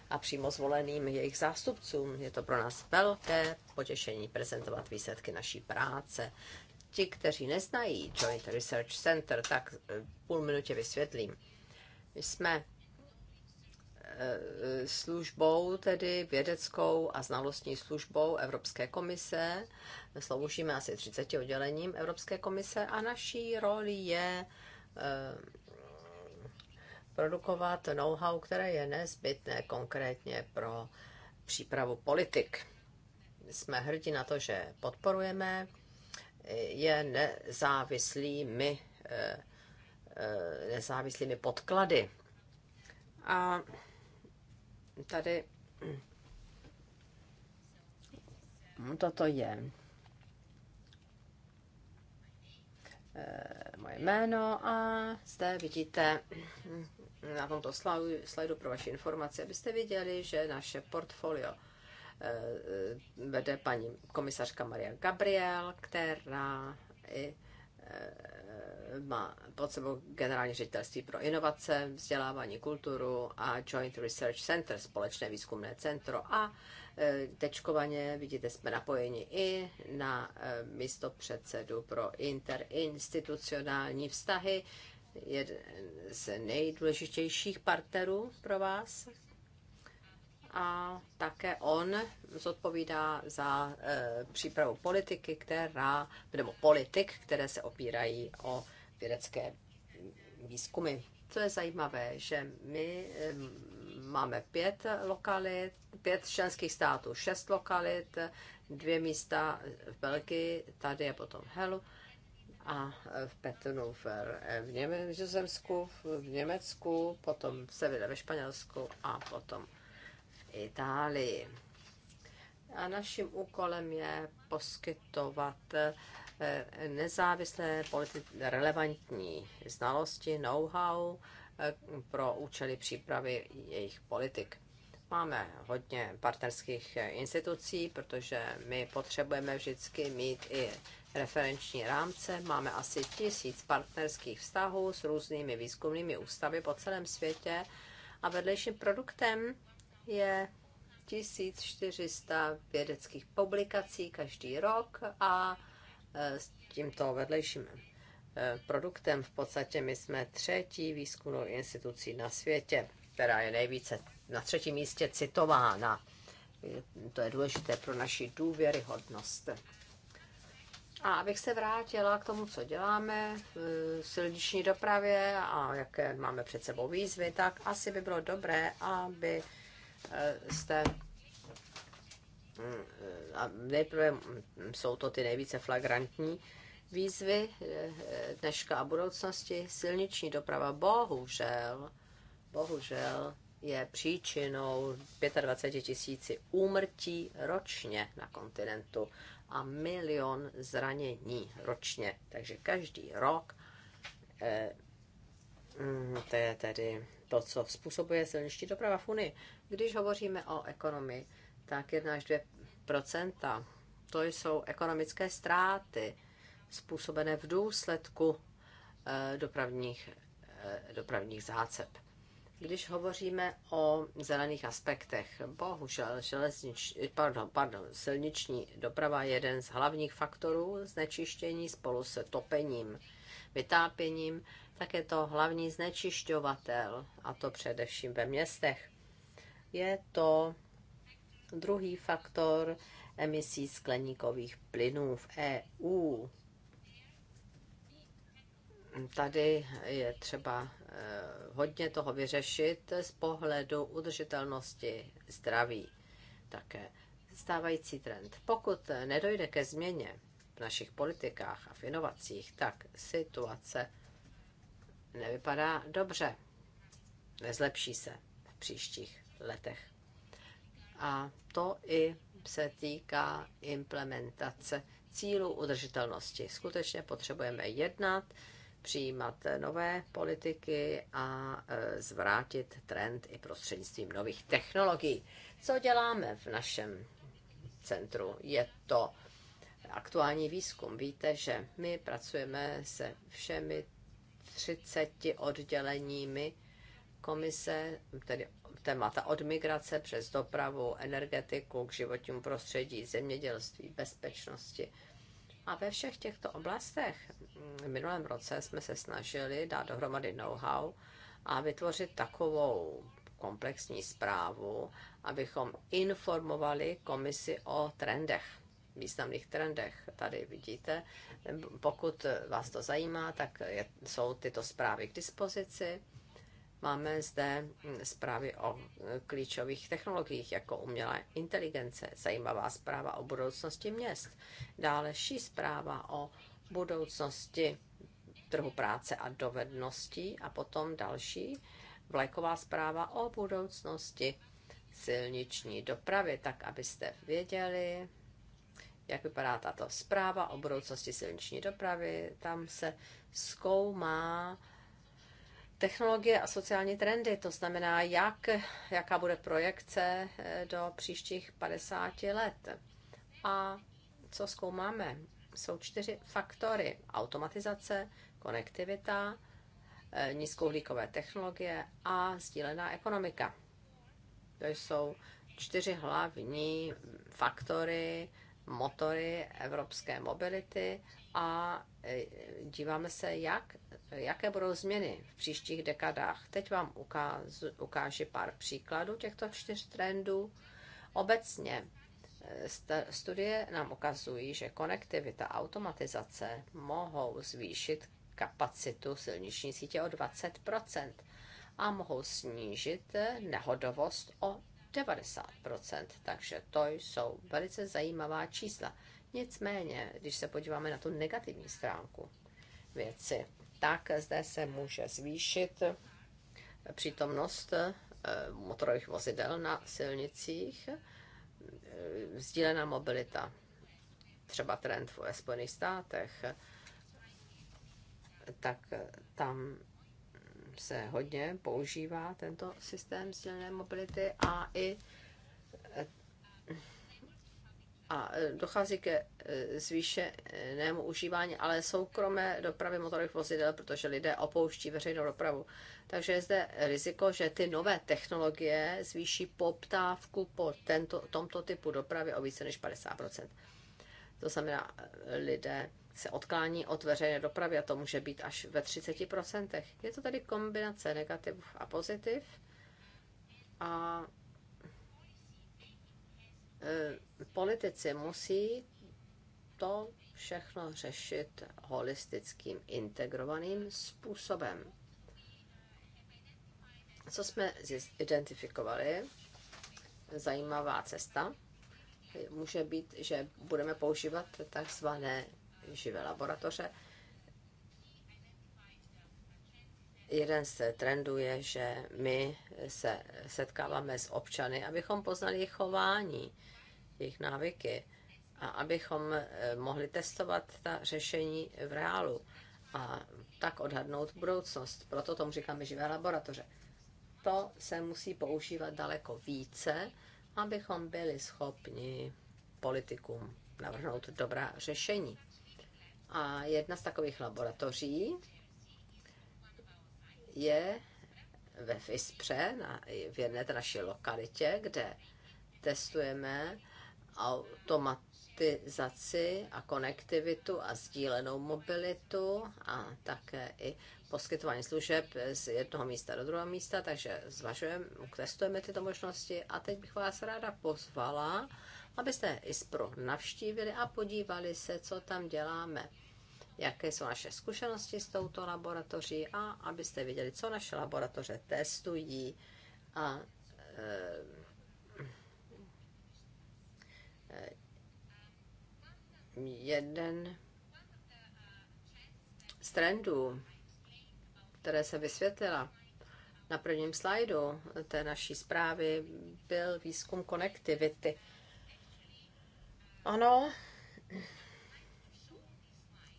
a přímo zvoleným jejich zástupcům. Je to pro nás velké potěšení prezentovat výsledky naší práce. Ti, kteří neznají Joint Research Center, tak půl minutě vysvětlím. My jsme službou, tedy vědeckou a znalostní službou Evropské komise. Sloužíme asi 30 oddělením Evropské komise a naší roli je eh, produkovat know-how, které je nezbytné konkrétně pro přípravu politik. Jsme hrdí na to, že podporujeme, je nezávislými, eh, eh, nezávislými podklady. A tady no, toto je eh, moje jméno a zde vidíte hm, na tomto slajdu pro vaši informaci, abyste viděli, že naše portfolio eh, vede paní komisařka Maria Gabriel, která i eh, má pod sebou generální ředitelství pro inovace, vzdělávání, kulturu a Joint Research Center, společné výzkumné centro. A e, tečkovaně, vidíte, jsme napojeni i na e, místo předsedu pro interinstitucionální vztahy, jeden z nejdůležitějších partnerů pro vás. A také on zodpovídá za e, přípravu politiky, která, nebo politik, které se opírají o vědecké výzkumy. Co je zajímavé, že my máme pět lokalit, pět členských států, šest lokalit, dvě místa v Belgii, tady je potom Helu a v Petnu v, v Nizozemsku, v Německu, potom v Sevilla ve Španělsku a potom v Itálii. A naším úkolem je poskytovat Eh, nezávislé relevantní znalosti, know-how eh, pro účely přípravy jejich politik. Máme hodně partnerských eh, institucí, protože my potřebujeme vždycky mít i referenční rámce. Máme asi tisíc partnerských vztahů s různými výzkumnými ústavy po celém světě a vedlejším produktem je 1400 vědeckých publikací každý rok a Eh, s tímto vedlejším eh, produktem. V podstatě my jsme třetí výzkumnou institucí na světě, která je nejvíce na třetím místě citována. To je důležité pro naši důvěryhodnost. A abych se vrátila k tomu, co děláme eh, v silniční dopravě a jaké máme před sebou výzvy, tak asi by bylo dobré, aby jste Hmm, eh, a nejprve jsou to ty nejvíce flagrantní výzvy eh, dneška a budoucnosti. Silniční doprava bohužel, bohužel je příčinou 25 tisíci úmrtí ročně na kontinentu a milion zranění ročně. Takže každý rok eh, mm, to je tedy to, co způsobuje silniční doprava v Unii. Když hovoříme o ekonomii, tak 1 až 2 to jsou ekonomické ztráty způsobené v důsledku eh, dopravních, eh, dopravních zácep. Když hovoříme o zelených aspektech, bohužel železnič, pardon, pardon, silniční doprava je jeden z hlavních faktorů znečištění spolu se topením, vytápěním, tak je to hlavní znečišťovatel, a to především ve městech. Je to druhý faktor emisí skleníkových plynů v EU. Tady je třeba eh, hodně toho vyřešit z pohledu udržitelnosti zdraví také. Stávající trend. Pokud nedojde ke změně v našich politikách a v inovacích, tak situace nevypadá dobře. Nezlepší se v příštích letech a to i se týká implementace cílů udržitelnosti. Skutečně potřebujeme jednat, přijímat nové politiky a e, zvrátit trend i prostřednictvím nových technologií. Co děláme v našem centru? Je to aktuální výzkum. Víte, že my pracujeme se všemi 30 odděleními komise, tedy témata od migrace přes dopravu, energetiku, k životnímu prostředí, zemědělství, bezpečnosti. A ve všech těchto oblastech mm, v minulém roce jsme se snažili dát dohromady know-how a vytvořit takovou komplexní zprávu, abychom informovali komisi o trendech, významných trendech. Tady vidíte, pokud vás to zajímá, tak jsou tyto zprávy k dispozici. Máme zde hm, zprávy o hm, klíčových technologiích, jako umělá inteligence, zajímavá zpráva o budoucnosti měst, ší zpráva o budoucnosti trhu práce a dovedností a potom další vlajková zpráva o budoucnosti silniční dopravy, tak abyste věděli, jak vypadá tato zpráva o budoucnosti silniční dopravy. Tam se zkoumá technologie a sociální trendy, to znamená, jak, jaká bude projekce eh, do příštích 50 let. A co zkoumáme? Jsou čtyři faktory. Automatizace, konektivita, eh, nízkouhlíkové technologie a sdílená ekonomika. To jsou čtyři hlavní faktory, motory evropské mobility a eh, díváme se, jak jaké budou změny v příštích dekadách. Teď vám ukážu, ukážu pár příkladů těchto čtyř trendů. Obecně eh, studie nám ukazují, že konektivita a automatizace mohou zvýšit kapacitu silniční sítě o 20 a mohou snížit eh, nehodovost o 90 Takže to jsou velice zajímavá čísla. Nicméně, když se podíváme na tu negativní stránku věci, tak zde se může zvýšit přítomnost eh, motorových vozidel na silnicích, eh, sdílená mobilita, třeba trend v Spojených státech, tak tam se hodně používá tento systém sdílené mobility a i eh, a e, dochází ke e, zvýšenému užívání, ale soukromé dopravy motorových vozidel, protože lidé opouští veřejnou dopravu. Takže je zde riziko, že ty nové technologie zvýší poptávku po tento, tomto typu dopravy o více než 50 To znamená, e, lidé se odklání od veřejné dopravy a to může být až ve 30 Je to tedy kombinace negativ a pozitiv. A Eh, politici musí to všechno řešit holistickým, integrovaným způsobem. Co jsme identifikovali? Zajímavá cesta. Může být, že budeme používat takzvané živé laboratoře, jeden z trendů je, že my se setkáváme s občany, abychom poznali jejich chování, jejich návyky a abychom eh, mohli testovat ta řešení v reálu a tak odhadnout budoucnost. Proto tomu říkáme živé laboratoře. To se musí používat daleko více, abychom byli schopni politikům navrhnout dobrá řešení. A jedna z takových laboratoří, je ve Fispře, na, v jedné naší lokalitě, kde testujeme automatizaci a konektivitu a sdílenou mobilitu a také i poskytování služeb z jednoho místa do druhého místa, takže zvažujeme, testujeme tyto možnosti a teď bych vás ráda pozvala, abyste ISPRO navštívili a podívali se, co tam děláme jaké jsou naše zkušenosti s touto laboratoří a abyste viděli, co naše laboratoře testují a e, jeden z trendů, které se vysvětlila na prvním slajdu té naší zprávy, byl výzkum konektivity. Ano,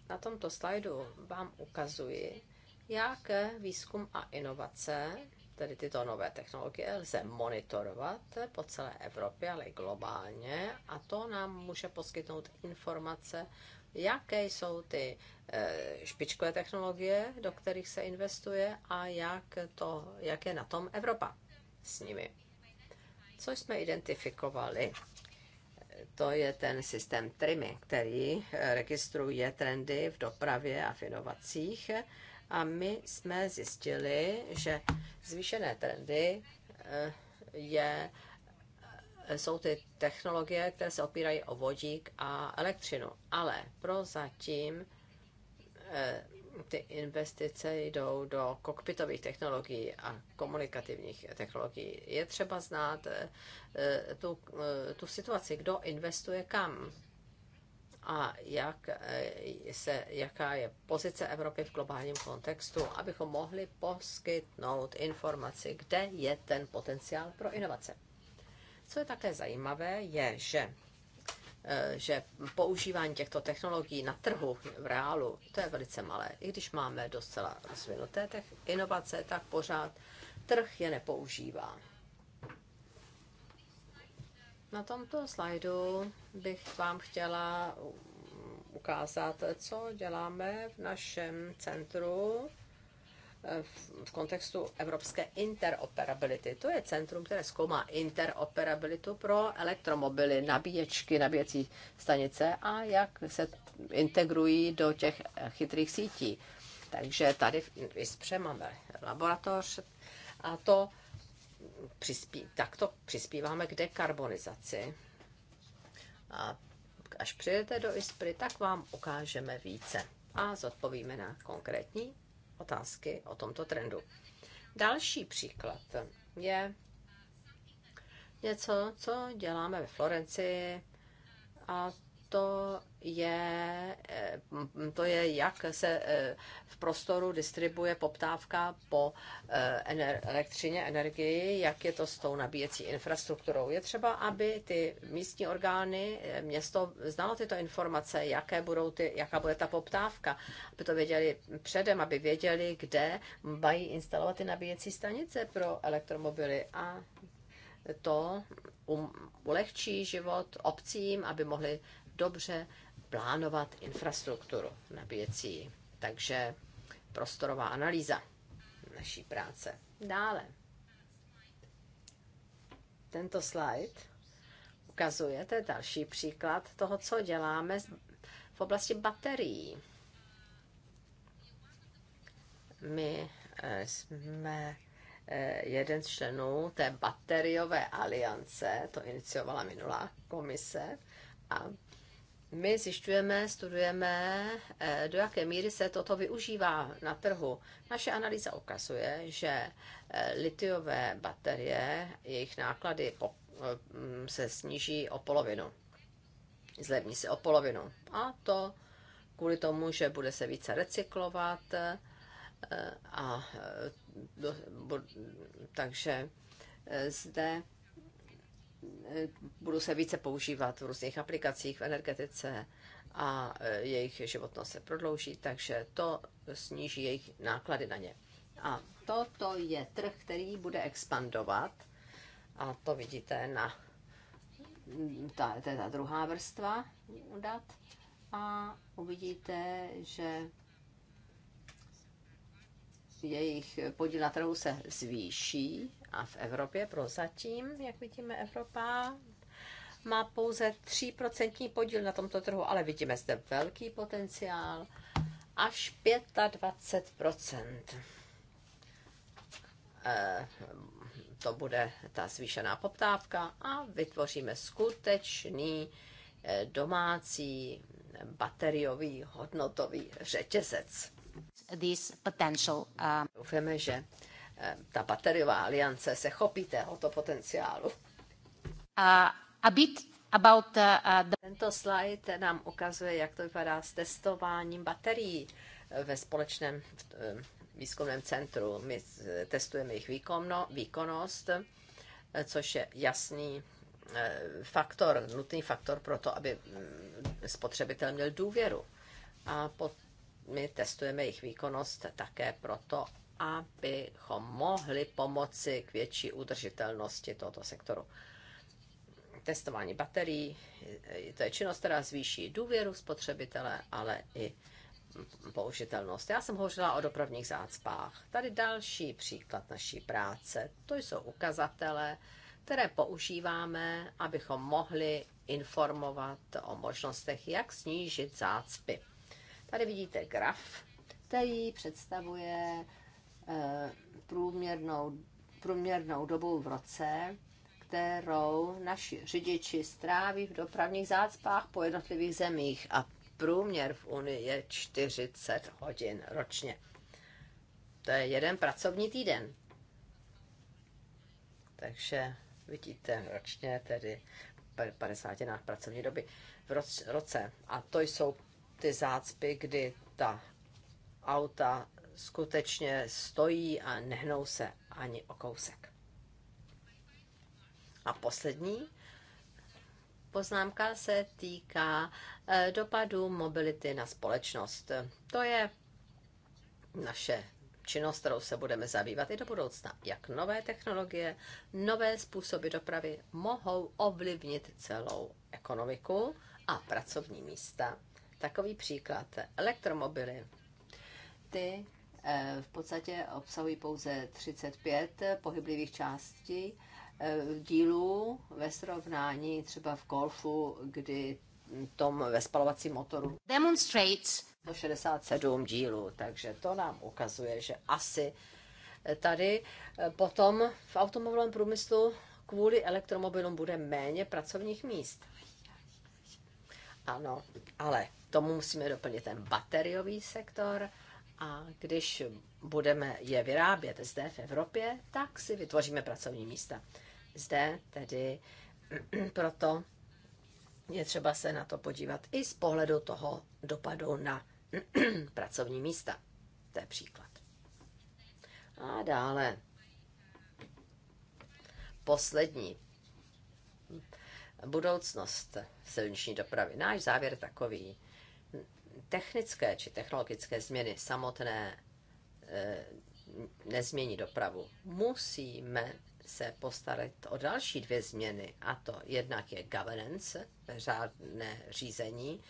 na tomto slajdu vám ukazuji, jak výzkum a inovace, tedy tyto nové technologie, lze monitorovat po celé Evropě, ale i globálně. A to nám může poskytnout informace, jaké jsou ty eh, špičkové technologie, do kterých se investuje a jak, to, jak je na tom Evropa s nimi. Co jsme identifikovali? to je ten systém TRIMI, který eh, registruje trendy v dopravě a v inovacích. A my jsme zjistili, že zvýšené trendy eh, je, eh, jsou ty technologie, které se opírají o vodík a elektřinu. Ale prozatím ty investice jdou do kokpitových technologií a komunikativních technologií. Je třeba znát eh, eh, tu, eh, tu situaci, kdo investuje kam a jak se, jaká je pozice Evropy v globálním kontextu, abychom mohli poskytnout informaci, kde je ten potenciál pro inovace. Co je také zajímavé, je, že Eh, že používání těchto technologií na trhu v reálu, to je velice malé. I když máme docela rozvinuté inovace, tak pořád trh je nepoužívá. Na tomto slajdu bych vám chtěla ukázat, co děláme v našem centru v kontextu evropské interoperability. To je centrum, které zkoumá interoperabilitu pro elektromobily, nabíječky, nabíjecí stanice a jak se integrují do těch chytrých sítí. Takže tady v ISPře máme laboratoř a to přispí, takto přispíváme k dekarbonizaci. A až přijedete do ISPRY, tak vám ukážeme více a zodpovíme na konkrétní otázky o tomto trendu. Další příklad je něco, co děláme ve Florenci, a to je, eh, to je, jak se eh, v prostoru distribuje poptávka po eh, elektřině, energii, jak je to s tou nabíjecí infrastrukturou. Je třeba, aby ty místní orgány, město znalo tyto informace, jaké budou ty, jaká bude ta poptávka, aby to věděli předem, aby věděli, kde mají instalovat ty nabíjecí stanice pro elektromobily a to um, ulehčí život obcím, aby mohli dobře plánovat infrastrukturu nabíjecí. Takže prostorová analýza naší práce. Dále. Tento slide ukazuje, to je další příklad toho, co děláme v oblasti baterií. My eh, jsme eh, jeden z členů té bateriové aliance, to iniciovala minulá komise, a my zjišťujeme, studujeme, eh, do jaké míry se toto využívá na trhu. Naše analýza ukazuje, že eh, litiové baterie, jejich náklady eh, se sníží o polovinu. Zlevní se o polovinu. A to kvůli tomu, že bude se více recyklovat a do, bo, takže zde budou se více používat v různých aplikacích v energetice a e, jejich životnost se prodlouží, takže to sníží jejich náklady na ně. A toto je trh, který bude expandovat a to vidíte na mm, ta, to je ta druhá vrstva dat a uvidíte, že jejich podíl na trhu se zvýší a v Evropě prozatím, jak vidíme, Evropa má pouze 3% podíl na tomto trhu, ale vidíme zde velký potenciál, až 25%. Eh, to bude ta zvýšená poptávka a vytvoříme skutečný eh, domácí bateriový hodnotový řetězec. This uh, Doufáme, že eh, ta bateriová aliance se chopí tohoto potenciálu. Uh, a bit about, uh, uh, the... Tento slide nám ukazuje, jak to vypadá s testováním baterií eh, ve společném eh, výzkumném centru. My testujeme jejich výkonnost, což je jasný faktor, nutný faktor pro to, aby mm, spotřebitel měl důvěru. A pod my testujeme jejich výkonnost také proto, abychom mohli pomoci k větší udržitelnosti tohoto sektoru. Testování baterií, to je činnost, která zvýší důvěru spotřebitele, ale i použitelnost. Já jsem hovořila o dopravních zácpách. Tady další příklad naší práce. To jsou ukazatele, které používáme, abychom mohli informovat o možnostech, jak snížit zácpy. Tady vidíte graf, který představuje eh, průměrnou, průměrnou dobu v roce, kterou naši řidiči stráví v dopravních zácpách po jednotlivých zemích a průměr v Unii je 40 hodin ročně. To je jeden pracovní týden. Takže vidíte ročně tedy 50 na pracovní doby v roce. A to jsou ty zácpy, kdy ta auta skutečně stojí a nehnou se ani o kousek. A poslední poznámka se týká eh, dopadu mobility na společnost. To je naše činnost, kterou se budeme zabývat i do budoucna. Jak nové technologie, nové způsoby dopravy mohou ovlivnit celou ekonomiku a pracovní místa Takový příklad. Elektromobily. Ty eh, v podstatě obsahují pouze 35 pohyblivých částí eh, dílů ve srovnání třeba v golfu, kdy tom ve spalovacím motoru demonstrates 167 dílů, takže to nám ukazuje, že asi eh, tady potom v automobilovém průmyslu kvůli elektromobilům bude méně pracovních míst. Ano, ale tomu musíme doplnit ten bateriový sektor a když budeme je vyrábět zde v Evropě, tak si vytvoříme pracovní místa. Zde tedy [CLEARS THROAT] proto je třeba se na to podívat i z pohledu toho dopadu na [CLEARS THROAT] pracovní místa. To je příklad. A dále poslední budoucnost silniční dopravy. Náš závěr takový technické či technologické změny samotné eh, nezmění dopravu. Musíme se postarat o další dvě změny, a to jednak je governance, řádné řízení,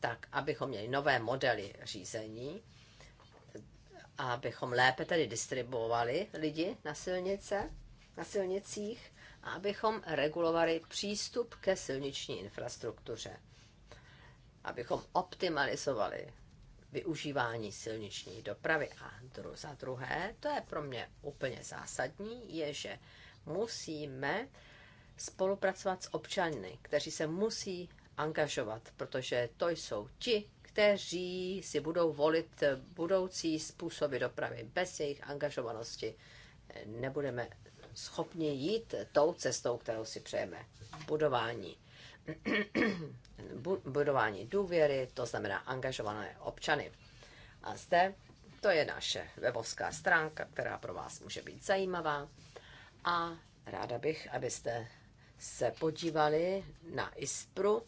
tak abychom měli nové modely řízení, abychom lépe tedy distribuovali lidi na silnice, na silnicích, a abychom regulovali přístup ke silniční infrastruktuře abychom optimalizovali využívání silniční dopravy. A dru- za druhé, to je pro mě úplně zásadní, je, že musíme spolupracovat s občany, kteří se musí angažovat, protože to jsou ti, kteří si budou volit budoucí způsoby dopravy. Bez jejich angažovanosti nebudeme schopni jít tou cestou, kterou si přejeme. Budování budování důvěry, to znamená angažované občany. A zde to je naše webovská stránka, která pro vás může být zajímavá. A ráda bych, abyste se podívali na ISPRu,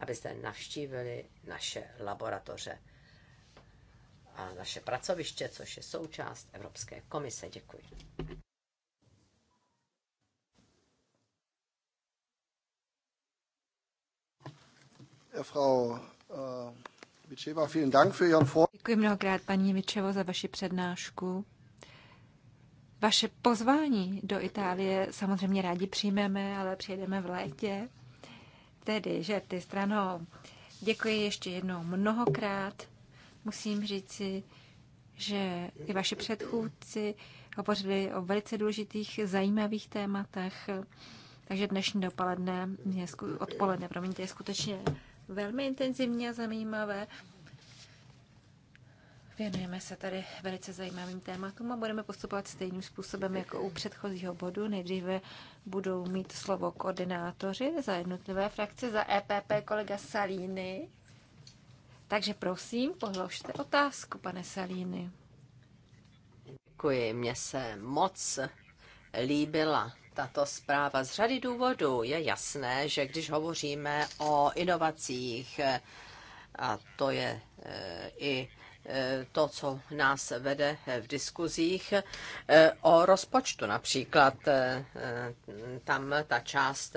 abyste navštívili naše laboratoře a naše pracoviště, což je součást Evropské komise. Děkuji. Frau äh, vielen Dank für Ihren Vortrag. Děkuji mnohokrát, paní Vičevo, za vaši přednášku. Vaše pozvání do Itálie samozřejmě rádi přijmeme, ale přijedeme v létě. Tedy, že ty stranou. Děkuji ještě jednou mnohokrát. Musím říci, že i vaši předchůdci hovořili o velice důležitých, zajímavých tématech. Takže dnešní dopoledne, odpoledne, promiňte, je skutečně velmi intenzivní a zajímavé. Věnujeme se tady velice zajímavým tématům a budeme postupovat stejným způsobem jako u předchozího bodu. Nejdříve budou mít slovo koordinátoři za jednotlivé frakce, za EPP kolega Salíny. Takže prosím, pohložte otázku, pane Salíny. Děkuji, mě se moc líbila tato zpráva. Z řady důvodů je jasné, že když hovoříme o inovacích, eh, a to je eh, i eh, to, co nás vede v diskuzích o rozpočtu. Například tam ta část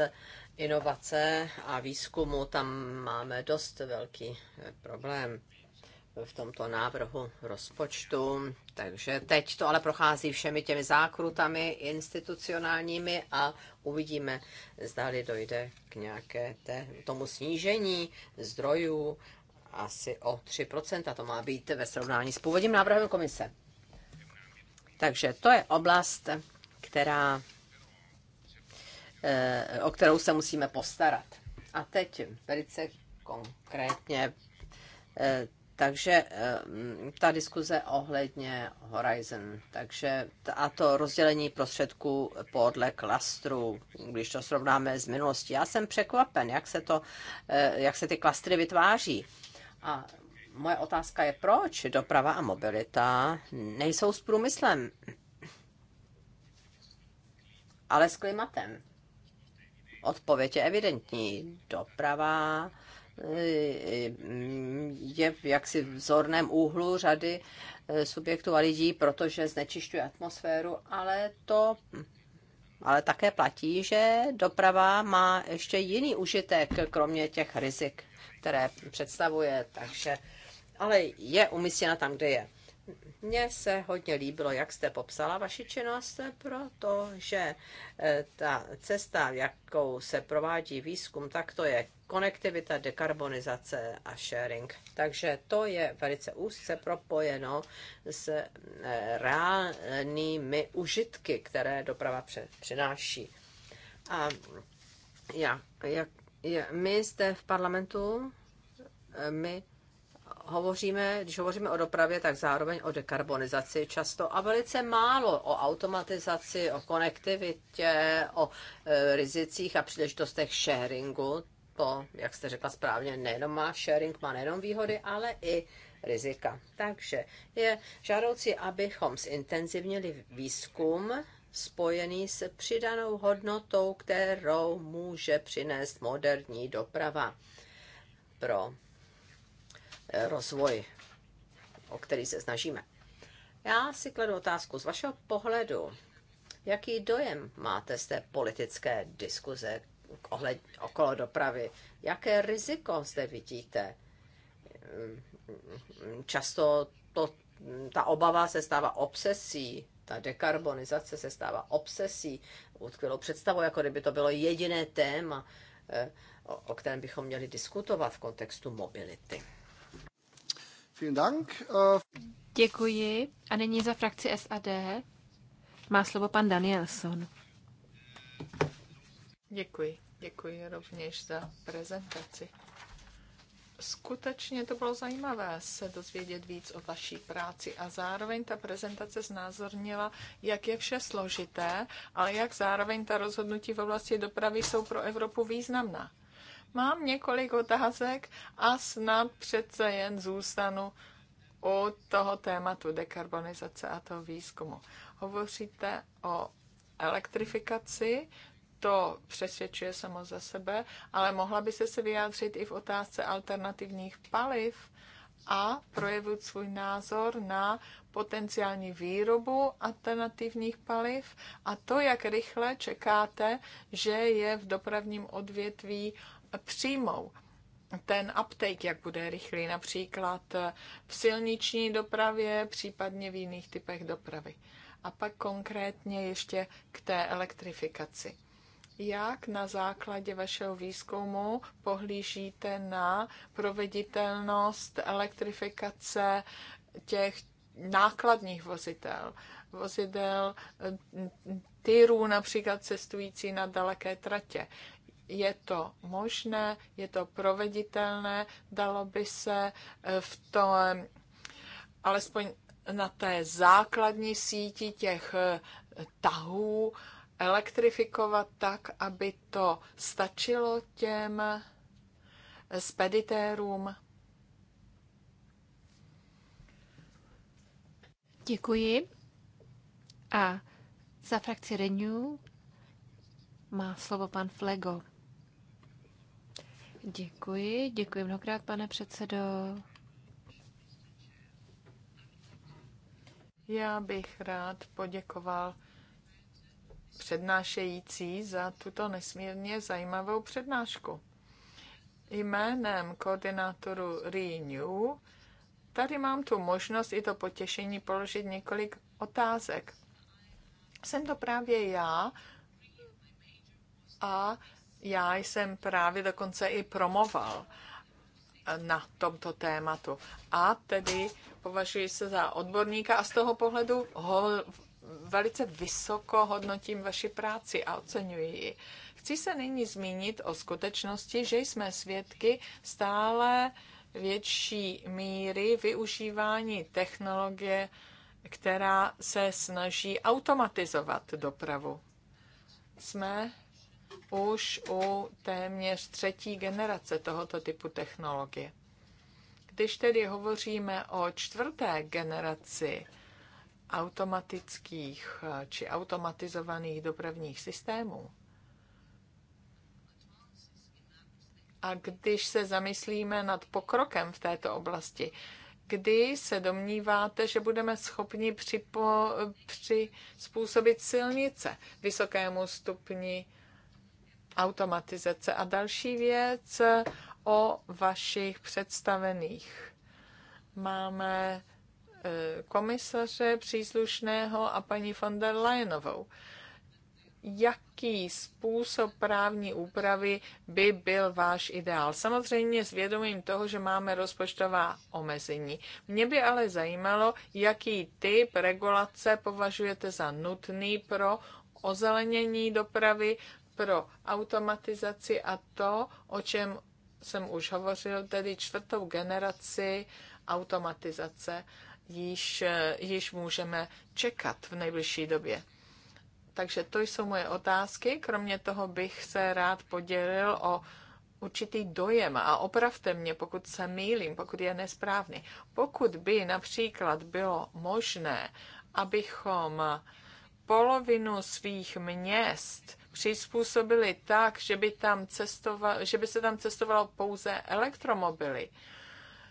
inovace a výzkumu, tam máme dost velký problém v tomto návrhu rozpočtu. Takže teď to ale prochází všemi těmi zákrutami institucionálními a uvidíme, zdali dojde k nějaké té, tomu snížení zdrojů asi o 3%. To má být ve srovnání s původním návrhem komise. Takže to je oblast, která, eh, o kterou se musíme postarat. A teď velice konkrétně eh, takže eh, ta diskuze ohledně Horizon, takže a to rozdělení prostředků podle klastru, když to srovnáme s minulostí. Já jsem překvapen, jak se, to, eh, jak se ty klastry vytváří. A moje otázka je, proč doprava a mobilita nejsou s průmyslem, ale s klimatem? Odpověď je evidentní. Doprava je v jaksi vzorném úhlu řady eh, subjektů a lidí, protože znečišťuje atmosféru, ale to ale také platí, že doprava má ještě jiný užitek, kromě těch rizik, které představuje, takže ale je umístěna tam, kde je. Mně se hodně líbilo, jak jste popsala vaši činnost, protože eh, ta cesta, jakou se provádí výzkum, tak to je konektivita, dekarbonizace a sharing. Takže to je velice úzce propojeno s eh, reálnými užitky, které doprava přináší. A já, jak, já, my zde v parlamentu, eh, my hovoříme, když hovoříme o dopravě, tak zároveň o dekarbonizaci často a velice málo o automatizaci, o konektivitě, o e, rizicích a příležitostech sharingu. To, jak jste řekla správně, nejenom má sharing, má nejenom výhody, ale i rizika. Takže je žádoucí, abychom zintenzivnili výzkum spojený s přidanou hodnotou, kterou může přinést moderní doprava pro rozvoj, o který se snažíme. Já si kladu otázku z vašeho pohledu, jaký dojem máte z té politické diskuze ohled, okolo dopravy? Jaké riziko zde vidíte? Často to, ta obava se stává obsesí, ta dekarbonizace se stává obsesí, utkvělou představu, jako kdyby to bylo jediné téma, eh, o, o kterém bychom měli diskutovat v kontextu mobility. Äh, Děkuji. A nyní za frakci SAD má slovo pan Danielson. Děkuji. Děkuji rovněž za prezentaci. Skutečně to bylo zajímavé se dozvědět víc o vaší práci a zároveň ta prezentace znázornila, jak je vše složité, ale jak zároveň ta rozhodnutí v oblasti dopravy jsou pro Evropu významná. Mám několik otázek a snad přece jen zůstanu u toho tématu dekarbonizace a toho výzkumu. Hovoříte o elektrifikaci, to přesvědčuje samo za sebe, ale mohla byste se vyjádřit i v otázce alternativních paliv a projevit svůj názor na potenciální výrobu alternativních paliv a to, jak rychle čekáte, že je v dopravním odvětví uh, přijmou ten uptake, jak bude rychlý, například v silniční dopravě, případně v jiných typech dopravy. A pak konkrétně ještě k té elektrifikaci. Jak na základě vašeho výzkumu pohlížíte na proveditelnost elektrifikace těch nákladních vozitel, vozidel mm, tyrů například cestující na daleké tratě je to možné, je to proveditelné, dalo by se eh, v tom alespoň na té základní síti těch eh, tahů elektrifikovat tak, aby to stačilo těm eh, speditérům. Děkuji. A za frakci Renew má slovo pan Flego. Děkuji, děkuji mnohokrát, pane předsedo. Já bych rád poděkoval přednášející za tuto nesmírně zajímavou přednášku. Jménem koordinátoru Renew tady mám tu možnost i to potěšení položit několik otázek. Jsem to právě já a já jsem právě dokonce i promoval eh, na tomto tématu. A tedy považuji se za odborníka a z toho pohledu ho velice vysoko hodnotím vaši práci a oceňuji ji. Chci se nyní zmínit o skutečnosti, že jsme svědky stále větší míry využívání technologie, která se snaží automatizovat dopravu. Jsme už u téměř třetí generace tohoto typu technologie. Když tedy hovoříme o čtvrté generaci automatických eh, či automatizovaných dopravních systémů, a když se zamyslíme nad pokrokem v této oblasti, kdy se domníváte, že budeme schopni připo, přizpůsobit silnice vysokému stupni automatizace. A další věc o vašich představených. Máme e, komisaře příslušného a paní von der Leyenovou. Jaký způsob právní úpravy by byl váš ideál? Samozřejmě s vědomím toho, že máme rozpočtová omezení. Mě by ale zajímalo, jaký typ regulace považujete za nutný pro ozelenění dopravy, pro automatizaci a to, o čem jsem už hovořil, tedy čtvrtou generaci automatizace, již, již můžeme čekat v nejbližší době. Takže to jsou moje otázky. Kromě toho bych se rád podělil o určitý dojem a opravte mě, pokud se mýlím, pokud je nesprávný. Pokud by například bylo možné, abychom polovinu svých měst přizpůsobili tak, že by, tam cestoval, že by se tam cestovalo pouze elektromobily.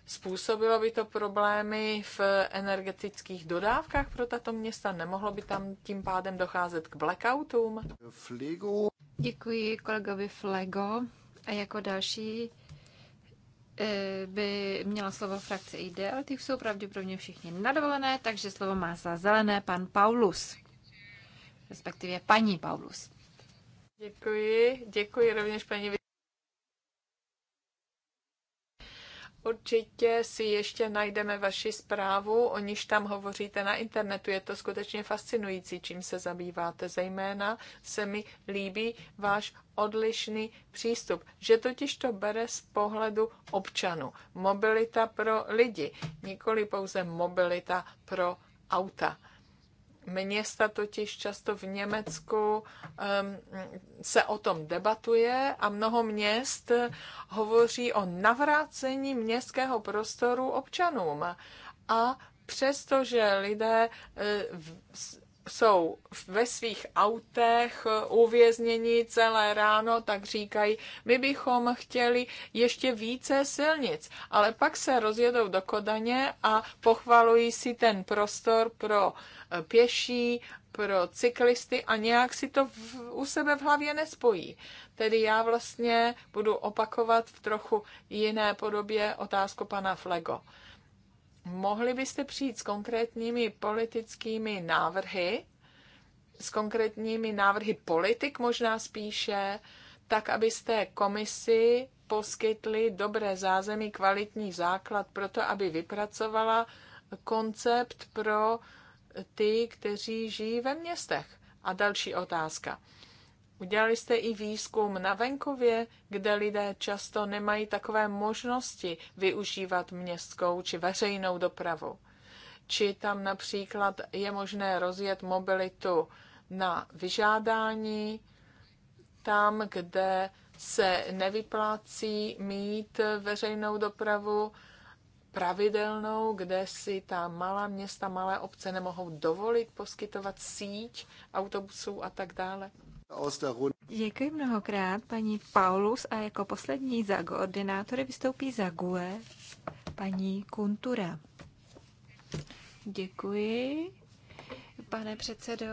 Způsobilo by to problémy v energetických dodávkách pro tato města? Nemohlo by tam tím pádem docházet k blackoutům? Flego. Děkuji kolegovi Flego. A jako další eh, by měla slovo frakce ID, ale ty jsou pravděpodobně všichni nadovolené, takže slovo má za zelené pan Paulus, respektive paní Paulus. Děkuji, děkuji rovněž paní Určitě si ještě najdeme vaši zprávu, o níž tam hovoříte na internetu. Je to skutečně fascinující, čím se zabýváte. Zejména se mi líbí váš odlišný přístup, že totiž to bere z pohledu občanů. Mobilita pro lidi, nikoli pouze mobilita pro auta. Města totiž často v Německu se o tom debatuje a mnoho měst hovoří o navrácení městského prostoru občanům. A přestože lidé eh, jsou ve svých autech uvězněni celé ráno, tak říkají, my bychom chtěli ještě více silnic, ale pak se rozjedou do Kodaně a pochvalují si ten prostor pro eh, pěší, pro cyklisty a nějak si to v, u sebe v hlavě nespojí. Tedy já vlastně budu opakovat v trochu jiné podobě otázku pana Flego. Mohli byste přijít s konkrétními politickými návrhy, s konkrétními návrhy politik možná spíše, tak abyste komisi poskytli dobré zázemí, kvalitní základ pro to, aby vypracovala koncept pro ty, kteří žijí ve městech. A další otázka. Udělali jste i výzkum na venkově, kde lidé často nemají takové možnosti využívat městskou či veřejnou dopravu. Či tam například je možné rozjet mobilitu na vyžádání, tam, kde se nevyplácí mít veřejnou dopravu pravidelnou, kde si ta malá města, malé obce nemohou dovolit poskytovat síť autobusů a tak dále. Děkuji mnohokrát paní Paulus a jako poslední za koordinátory vystoupí za GUE paní Kuntura. Děkuji, pane předsedo.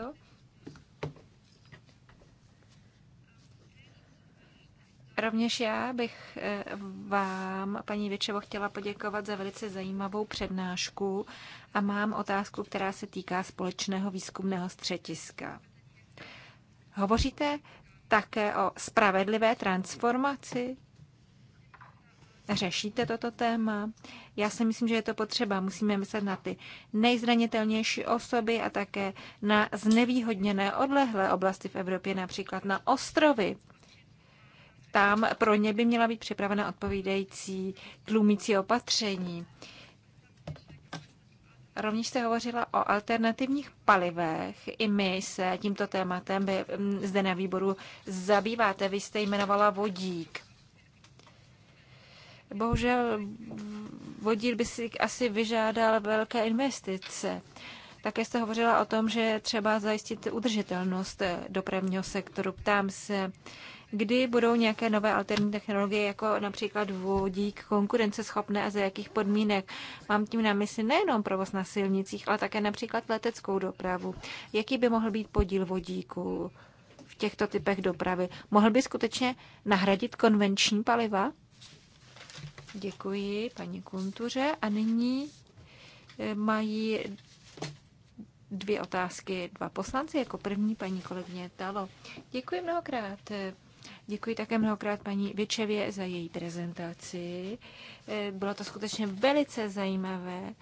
Rovněž já bych eh, vám, paní Věčevo, chtěla poděkovat za velice zajímavou přednášku a mám otázku, která se týká společného výzkumného střetiska. Hovoříte také o spravedlivé transformaci? Řešíte toto téma? Já si myslím, že je to potřeba. Musíme myslet na ty nejzranitelnější osoby a také na znevýhodněné odlehlé oblasti v Evropě, například na ostrovy tam pro ně by měla být připravena odpovídající tlumící opatření. Rovněž jste hovořila o alternativních palivech. I my se tímto tématem by, mm, zde na výboru zabýváte. Vy jste jmenovala vodík. Bohužel vodík by si asi vyžádal velké investice. Také jste hovořila o tom, že třeba zajistit udržitelnost dopravního sektoru. Ptám se, kdy budou nějaké nové alternativní technologie, jako například vodík, konkurenceschopné a za jakých podmínek. Mám tím na mysli nejenom provoz na silnicích, ale také například leteckou dopravu. Jaký by mohl být podíl vodíku v těchto typech dopravy? Mohl by skutečně nahradit konvenční paliva? Děkuji paní Kuntuře a nyní eh, mají dvě otázky dva poslanci. Jako první paní kolegyně Talo. Děkuji mnohokrát, Děkuji také mnohokrát paní Věčevě za její prezentaci. Eh, bylo to skutečně velice zajímavé.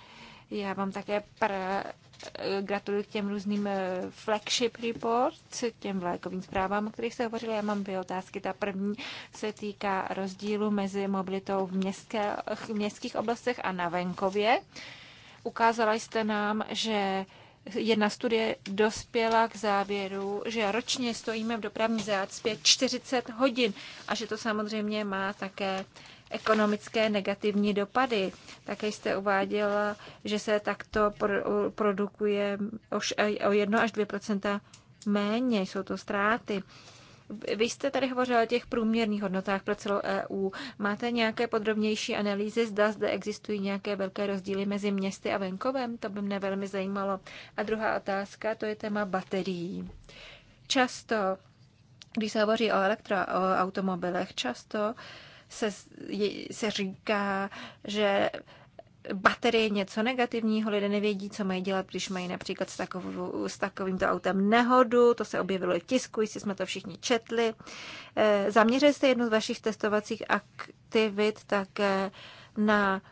Já vám také pra, eh, gratuluji k těm různým eh, flagship reports, k těm vlajkovým zprávám, o kterých se hovořila. Já mám dvě otázky. Ta první se týká rozdílu mezi mobilitou v, městské, v městských oblastech a na venkově. Ukázala jste nám, že jedna studie dospěla k závěru, že ročně stojíme v dopravní zácpě 40 hodin a že to samozřejmě má také ekonomické negativní dopady. Také jste uváděla, že se takto produkuje o 1 až 2 méně, jsou to ztráty. Vy jste tady hovořil o těch průměrných hodnotách pro celou EU. Máte nějaké podrobnější analýzy, zda zde existují nějaké velké rozdíly mezi městy a venkovem? To by mě velmi zajímalo. A druhá otázka, to je téma baterií. Často, když se hovoří o elektroautomobilech, často se, se říká, že baterie něco negativního, lidé nevědí, co mají dělat, když mají například s, takovou, s takovýmto autem nehodu, to se objevilo i v tisku, jestli jsme to všichni četli. Eh, zaměřili jste jednu z vašich testovacích aktivit také na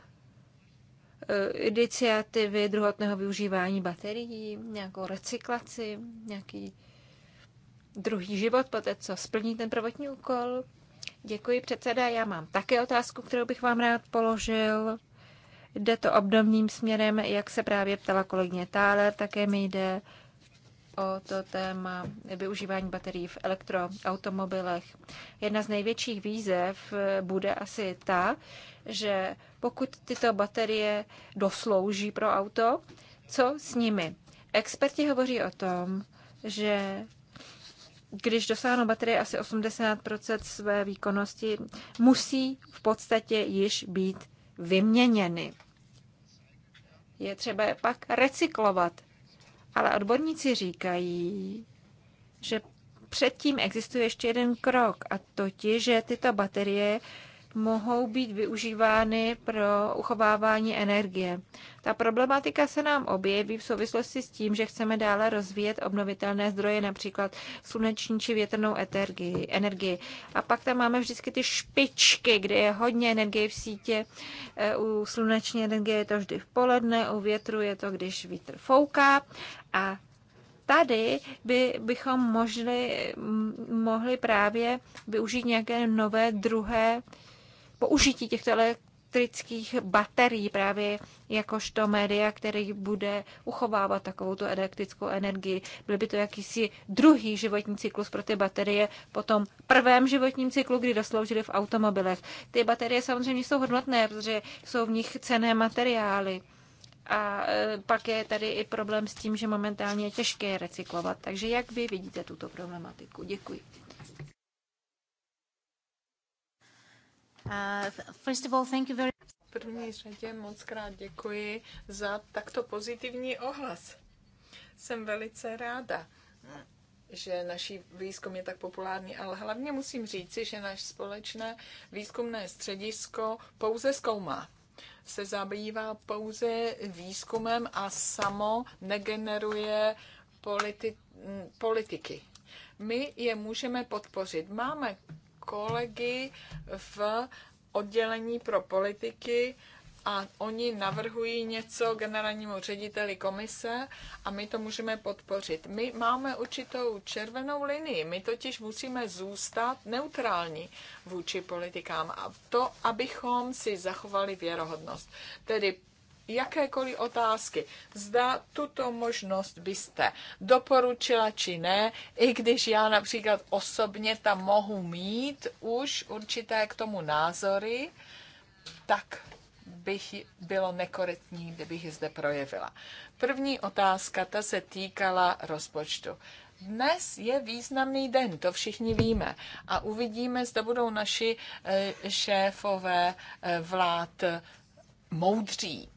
eh, iniciativy druhotného využívání baterií, nějakou recyklaci, nějaký druhý život poté co splní ten prvotní úkol. Děkuji předseda, já mám také otázku, kterou bych vám rád položil. Jde to obdobným směrem, jak se právě ptala kolegyně Thaler, také mi jde o to téma využívání baterií v elektroautomobilech. Jedna z největších výzev bude asi ta, že pokud tyto baterie doslouží pro auto, co s nimi? Experti hovoří o tom, že když dosáhnou baterie asi 80 své výkonnosti, musí v podstatě již být vyměněny. Je třeba je pak recyklovat. Ale odborníci říkají, že předtím existuje ještě jeden krok, a totiž, že tyto baterie mohou být využívány pro uchovávání energie. Ta problematika se nám objeví v souvislosti s tím, že chceme dále rozvíjet obnovitelné zdroje, například sluneční či větrnou energii. A pak tam máme vždycky ty špičky, kde je hodně energie v sítě. E, u sluneční energie je to vždy v poledne, u větru je to, když vítr fouká. A tady by, bychom možli, mohli právě využít nějaké nové druhé použití těchto elektrických baterií právě jakožto média, který bude uchovávat takovou tu elektrickou energii. Byl by to jakýsi druhý životní cyklus pro ty baterie po tom prvém životním cyklu, kdy dosloužily v automobilech. Ty baterie samozřejmě jsou hodnotné, protože jsou v nich cené materiály. A e, pak je tady i problém s tím, že momentálně je těžké recyklovat. Takže jak vy vidíte tuto problematiku? Děkuji. první řadě moc krát děkuji za takto pozitivní ohlas. Jsem velice ráda, že naší výzkum je tak populární, ale hlavně musím říci, že naše společné výzkumné středisko pouze zkoumá se zabývá pouze výzkumem a samo negeneruje politi- politiky. My je můžeme podpořit. Máme kolegy v oddělení pro politiky a oni navrhují něco generálnímu řediteli komise a my to můžeme podpořit. My máme určitou červenou linii, my totiž musíme zůstat neutrální vůči politikám a to, abychom si zachovali věrohodnost. Tedy jakékoliv otázky. Zda tuto možnost byste doporučila či ne, i když já například osobně tam mohu mít už určité k tomu názory, tak bych bylo nekorektní, kdybych je zde projevila. První otázka, ta se týkala rozpočtu. Dnes je významný den, to všichni víme. A uvidíme, zda budou naši eh, šéfové eh, vlád eh, moudří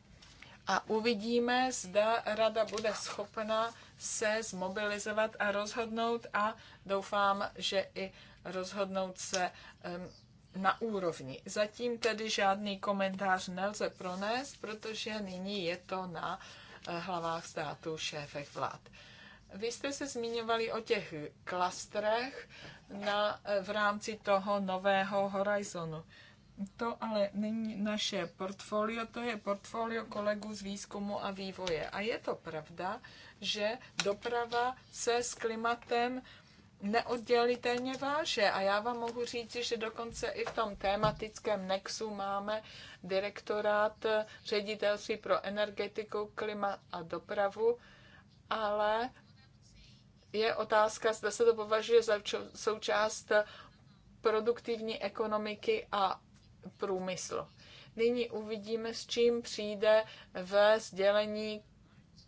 a uvidíme, zda rada bude schopna se zmobilizovat a rozhodnout a doufám, že i rozhodnout se na úrovni. Zatím tedy žádný komentář nelze pronést, protože nyní je to na eh, hlavách států šéfech vlád. Vy jste se zmiňovali o těch klastrech na, eh, v rámci toho nového horizonu. To ale není naše portfolio, to je portfolio kolegů z výzkumu a vývoje. A je to pravda, že doprava se s klimatem neoddělitelně váže. A já vám mohu říct, že dokonce i v tom tématickém nexu máme direktorát eh, ředitelství pro energetiku, klima a dopravu, ale je otázka, zda se to považuje za součást produktivní ekonomiky a průmysl. Nyní uvidíme, s čím přijde ve sdělení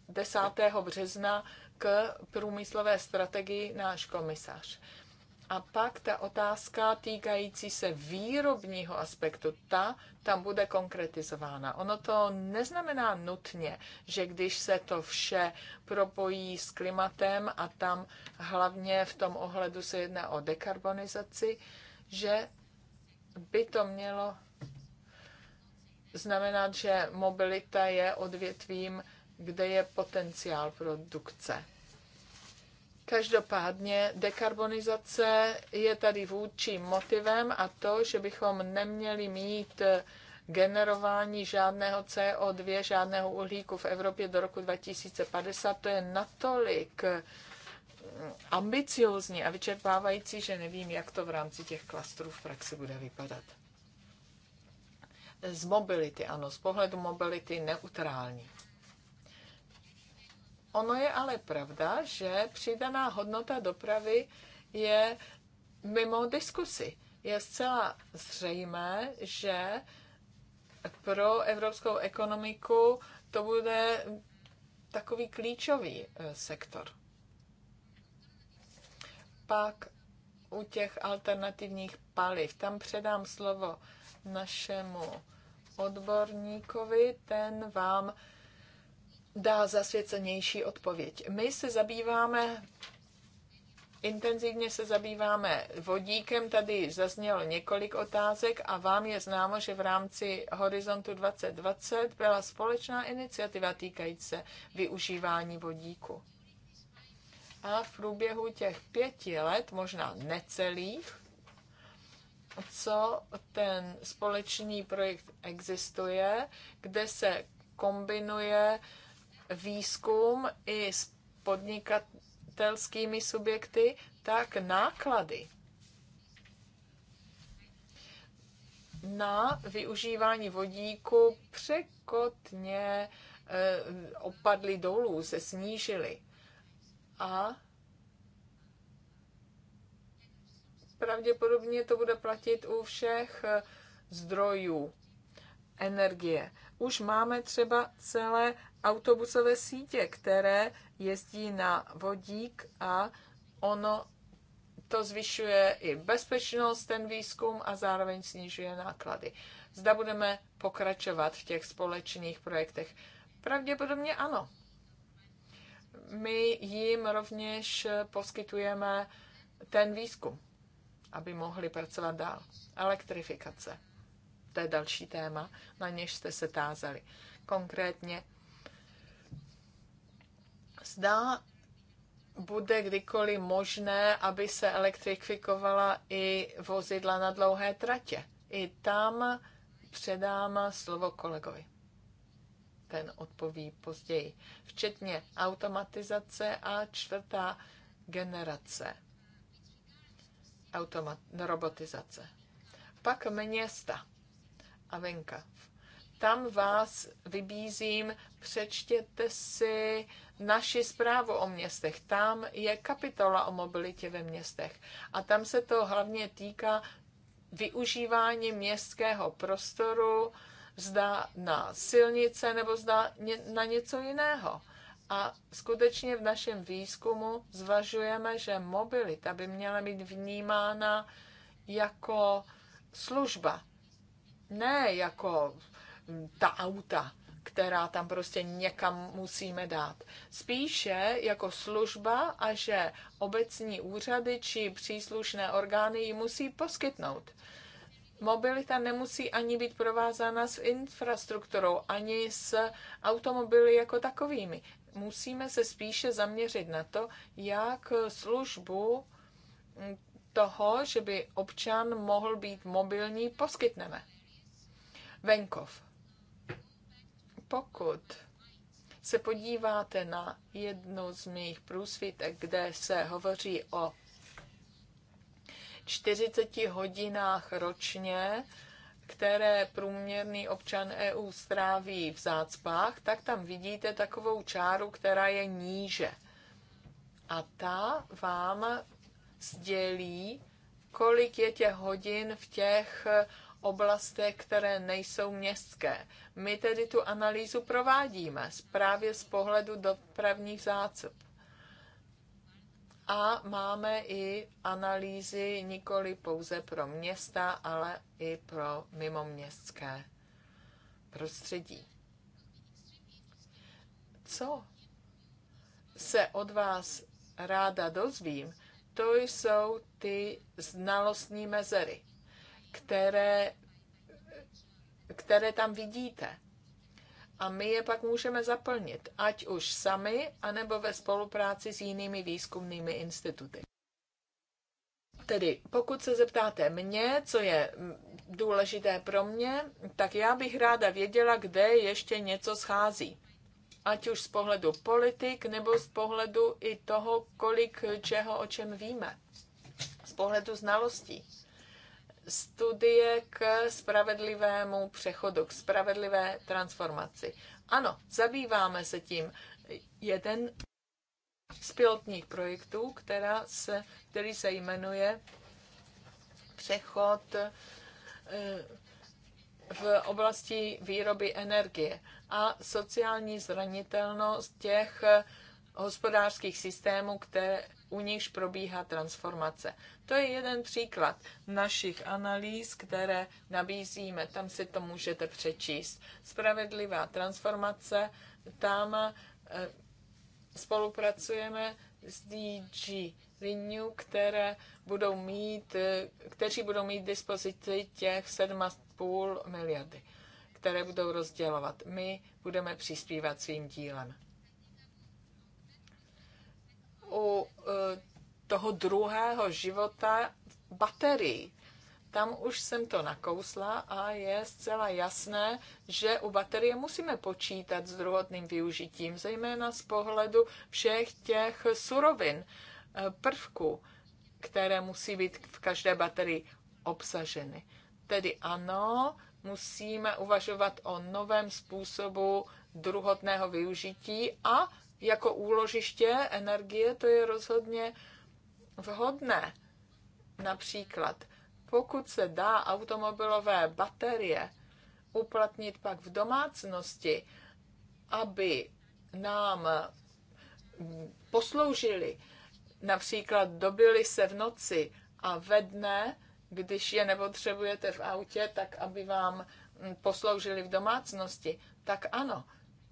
10. března k průmyslové strategii náš komisař. A pak ta otázka týkající se výrobního aspektu, ta tam bude konkretizována. Ono to neznamená nutně, že když se to vše propojí s klimatem a tam hlavně v tom ohledu se jedná o dekarbonizaci, že by to mělo znamenat, že mobilita je odvětvím, kde je potenciál produkce. Každopádně dekarbonizace je tady vůči motivem a to, že bychom neměli mít generování žádného CO2, žádného uhlíku v Evropě do roku 2050, to je natolik Ambiciózní a vyčerpávající, že nevím, jak to v rámci těch klastrů v praxi bude vypadat. Z mobility, ano, z pohledu mobility neutrální. Ono je ale pravda, že přidaná hodnota dopravy je mimo diskusi. Je zcela zřejmé, že pro evropskou ekonomiku to bude takový klíčový eh, sektor pak u těch alternativních paliv. Tam předám slovo našemu odborníkovi, ten vám dá zasvěcenější odpověď. My se zabýváme, intenzivně se zabýváme vodíkem, tady zaznělo několik otázek a vám je známo, že v rámci Horizontu 2020 byla společná iniciativa týkající se využívání vodíku. A v průběhu těch pěti let, možná necelých, co ten společný projekt existuje, kde se kombinuje výzkum i s podnikatelskými subjekty, tak náklady na využívání vodíku překotně eh, opadly dolů, se snížily a pravděpodobně to bude platit u všech eh, zdrojů energie. Už máme třeba celé autobusové sítě, které jezdí na vodík a ono to zvyšuje i bezpečnost, ten výzkum a zároveň snižuje náklady. Zda budeme pokračovat v těch společných projektech? Pravděpodobně ano my jim rovněž poskytujeme ten výzkum, aby mohli pracovat dál. Elektrifikace. To je další téma, na něž jste se tázali. Konkrétně, zda bude kdykoliv možné, aby se elektrifikovala i vozidla na dlouhé tratě. I tam předám slovo kolegovi ten odpoví později, včetně automatizace a čtvrtá generace automat, robotizace. Pak města a venka. Tam vás vybízím, přečtěte si naši zprávu o městech. Tam je kapitola o mobilitě ve městech. A tam se to hlavně týká využívání městského prostoru, zda na silnice nebo zda na něco jiného. A skutečně v našem výzkumu zvažujeme, že mobilita by měla být vnímána jako služba, ne jako hm, ta auta, která tam prostě někam musíme dát. Spíše jako služba a že obecní úřady či příslušné orgány ji musí poskytnout. Mobilita nemusí ani být provázána s infrastrukturou, ani s automobily jako takovými. Musíme se spíše zaměřit na to, jak službu toho, že by občan mohl být mobilní, poskytneme. Venkov. Pokud se podíváte na jednu z mých průsvitek, kde se hovoří o 40 hodinách ročně, které průměrný občan EU stráví v zácpách, tak tam vidíte takovou čáru, která je níže. A ta vám sdělí, kolik je těch hodin v těch oblastech, které nejsou městské. My tedy tu analýzu provádíme právě z pohledu dopravních zácp. A máme i analýzy nikoli pouze pro města, ale i pro mimoměstské prostředí. Co se od vás ráda dozvím, to jsou ty znalostní mezery, které, které tam vidíte a my je pak můžeme zaplnit, ať už sami, anebo ve spolupráci s jinými výzkumnými instituty. Tedy pokud se zeptáte mě, co je důležité pro mě, tak já bych ráda věděla, kde ještě něco schází. Ať už z pohledu politik, nebo z pohledu i toho, kolik čeho o čem víme. Z pohledu znalostí studie k spravedlivému přechodu, k spravedlivé transformaci. Ano, zabýváme se tím. Jeden z pilotních projektů, která se, který se jmenuje Přechod eh, v oblasti výroby energie a sociální zranitelnost těch eh, hospodářských systémů, které u nichž probíhá transformace. To je jeden příklad našich analýz, které nabízíme. Tam si to můžete přečíst. Spravedlivá transformace, tam eh, spolupracujeme s DG Renew, které budou mít, eh, kteří budou mít dispozici těch 7,5 miliardy, které budou rozdělovat. My budeme přispívat svým dílem u e, toho druhého života baterií. Tam už jsem to nakousla a je zcela jasné, že u baterie musíme počítat s druhotným využitím, zejména z pohledu všech těch surovin, e, prvků, které musí být v každé baterii obsaženy. Tedy ano, musíme uvažovat o novém způsobu druhotného využití a jako úložiště energie, to je rozhodně vhodné. Například, pokud se dá automobilové baterie uplatnit pak v domácnosti, aby nám posloužili, například dobili se v noci a ve dne, když je nepotřebujete v autě, tak aby vám posloužili v domácnosti, tak ano,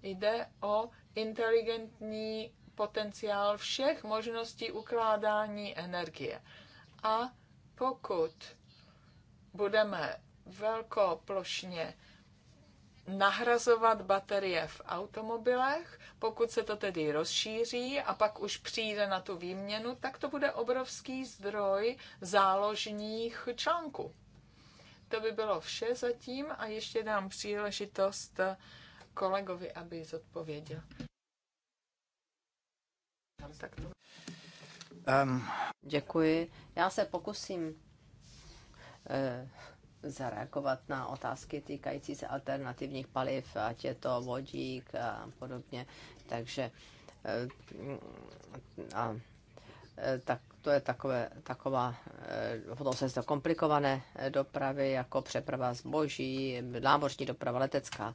jde o inteligentní potenciál všech možností ukládání energie. A pokud budeme velkoplošně nahrazovat baterie v automobilech, pokud se to tedy rozšíří a pak už přijde na tu výměnu, tak to bude obrovský zdroj záložních článků. To by bylo vše zatím a ještě dám příležitost kolegovi, aby zodpověděl. Tak to... um. Děkuji. Já se pokusím eh, zareagovat na otázky týkající se alternativních paliv, ať je to vodík a podobně. Takže eh, a, eh, tak to je takové, taková, eh, potom se komplikované eh, dopravy, jako přeprava zboží, námořní doprava, letecká.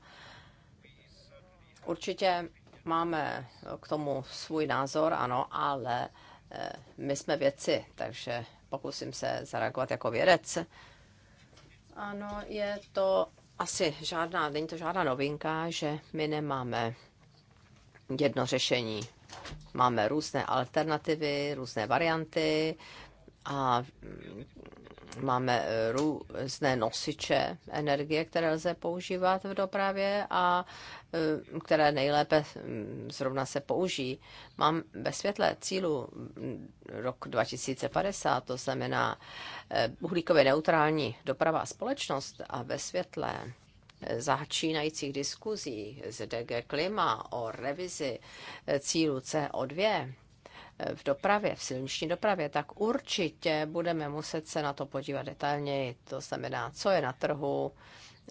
Určitě máme k tomu svůj názor, ano, ale eh, my jsme vědci, takže pokusím se zareagovat jako vědec. Ano, je to asi žádná, není to žádná novinka, že my nemáme jedno řešení. Máme různé alternativy, různé varianty a mm, máme eh, různé nosiče energie, které lze používat v dopravě a eh, které nejlépe hm, zrovna se použijí. Mám ve světle cílu hm, rok 2050, to znamená eh, uhlíkově neutrální doprava společnost a ve světle začínajících diskuzí z DG Klima o revizi cílu CO2 v dopravě, v silniční dopravě, tak určitě budeme muset se na to podívat detailněji. To znamená, co je na trhu,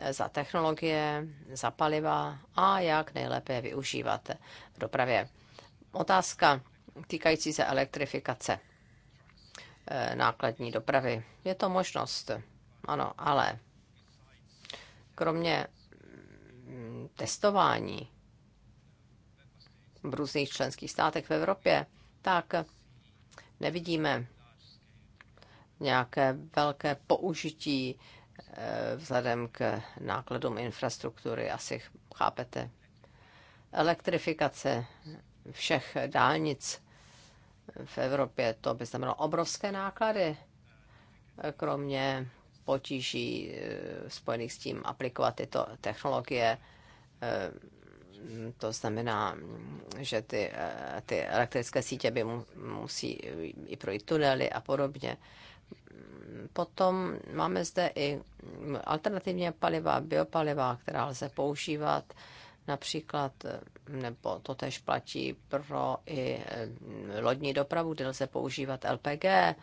eh, za technologie, za paliva a jak nejlépe je využívat v dopravě. Otázka týkající se elektrifikace eh, nákladní dopravy. Je to možnost, ano, ale kromě mm, testování v různých členských státech v Evropě, tak nevidíme nějaké velké použití eh, vzhledem k nákladům infrastruktury, asi chápete. Elektrifikace všech dálnic v Evropě, to by znamenalo obrovské náklady, kromě potíží eh, spojených s tím aplikovat tyto technologie eh, to znamená, že ty, eh, ty elektrické sítě by mu, musí i projít tunely a podobně. Potom máme zde i alternativně paliva, biopaliva, která lze používat například, nebo to tež platí pro i eh, lodní dopravu, kde lze používat LPG,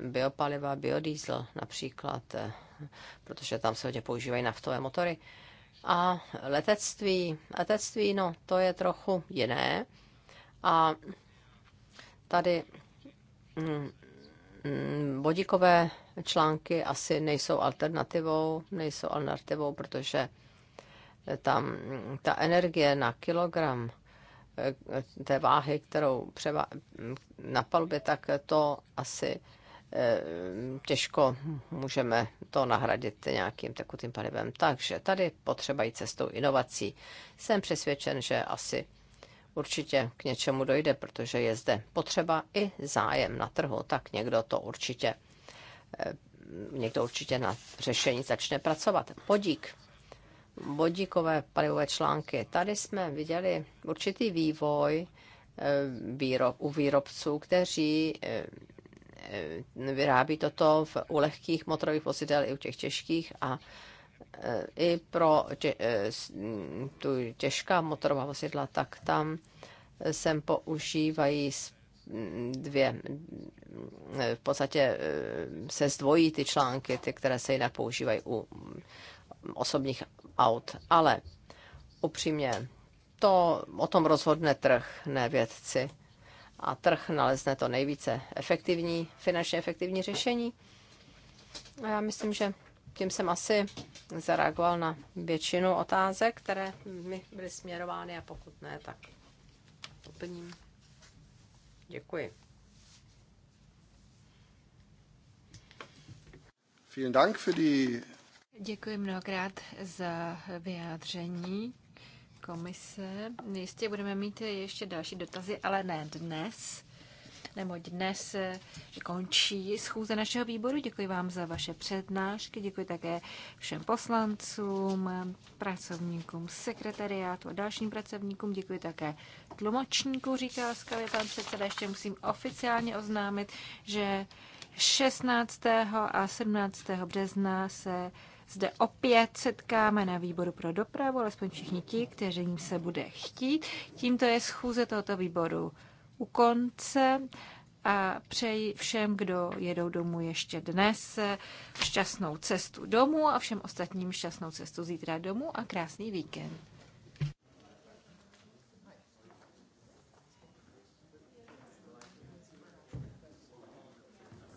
biopaliva, biodiesel například, eh, protože tam se hodně používají naftové motory. A letectví, letectví, no, to je trochu jiné. A tady bodíkové mm, články asi nejsou alternativou, nejsou alternativou, protože tam ta energie na kilogram eh, té váhy, kterou převa- na palubě, tak to asi Eh, těžko můžeme to nahradit nějakým tekutým palivem. Takže tady potřeba jít cestou inovací. Jsem přesvědčen, že asi určitě k něčemu dojde, protože je zde potřeba i zájem na trhu, tak někdo to určitě eh, někdo určitě na řešení začne pracovat. Podík, Vodíkové palivové články. Tady jsme viděli určitý vývoj eh, výrob, u výrobců, kteří Eh, vyrábí toto v, u lehkých motorových vozidel i u těch těžkých a eh, i pro tě, eh, mm, tu těžká motorová vozidla, tak tam sem používají mm, dvě, v podstatě se zdvojí ty články, ty, které se jinak používají u mm, osobních aut. Ale upřímně, to o tom rozhodne trh, ne vědci a trh nalezne to nejvíce efektivní, finančně efektivní řešení. A já myslím, že tím jsem asi zareagoval na většinu otázek, které mi byly směrovány a pokud ne, tak doplním. Děkuji. Vielen Dank für die Děkuji mnohokrát za vyjádření komise. Jistě budeme mít ještě další dotazy, ale ne dnes. Nebo dnes končí schůze našeho výboru. Děkuji vám za vaše přednášky, děkuji také všem poslancům, pracovníkům sekretariátu a dalším pracovníkům. Děkuji také tlumočníkům, říká laskavě pan předseda. Ještě musím oficiálně oznámit, že 16. a 17. března se zde opět setkáme na výboru pro dopravu, alespoň všichni ti, kteří jim se bude chtít. Tímto je schůze tohoto výboru u konce a přeji všem, kdo jedou domů ještě dnes, šťastnou cestu domů a všem ostatním šťastnou cestu zítra domů a krásný víkend.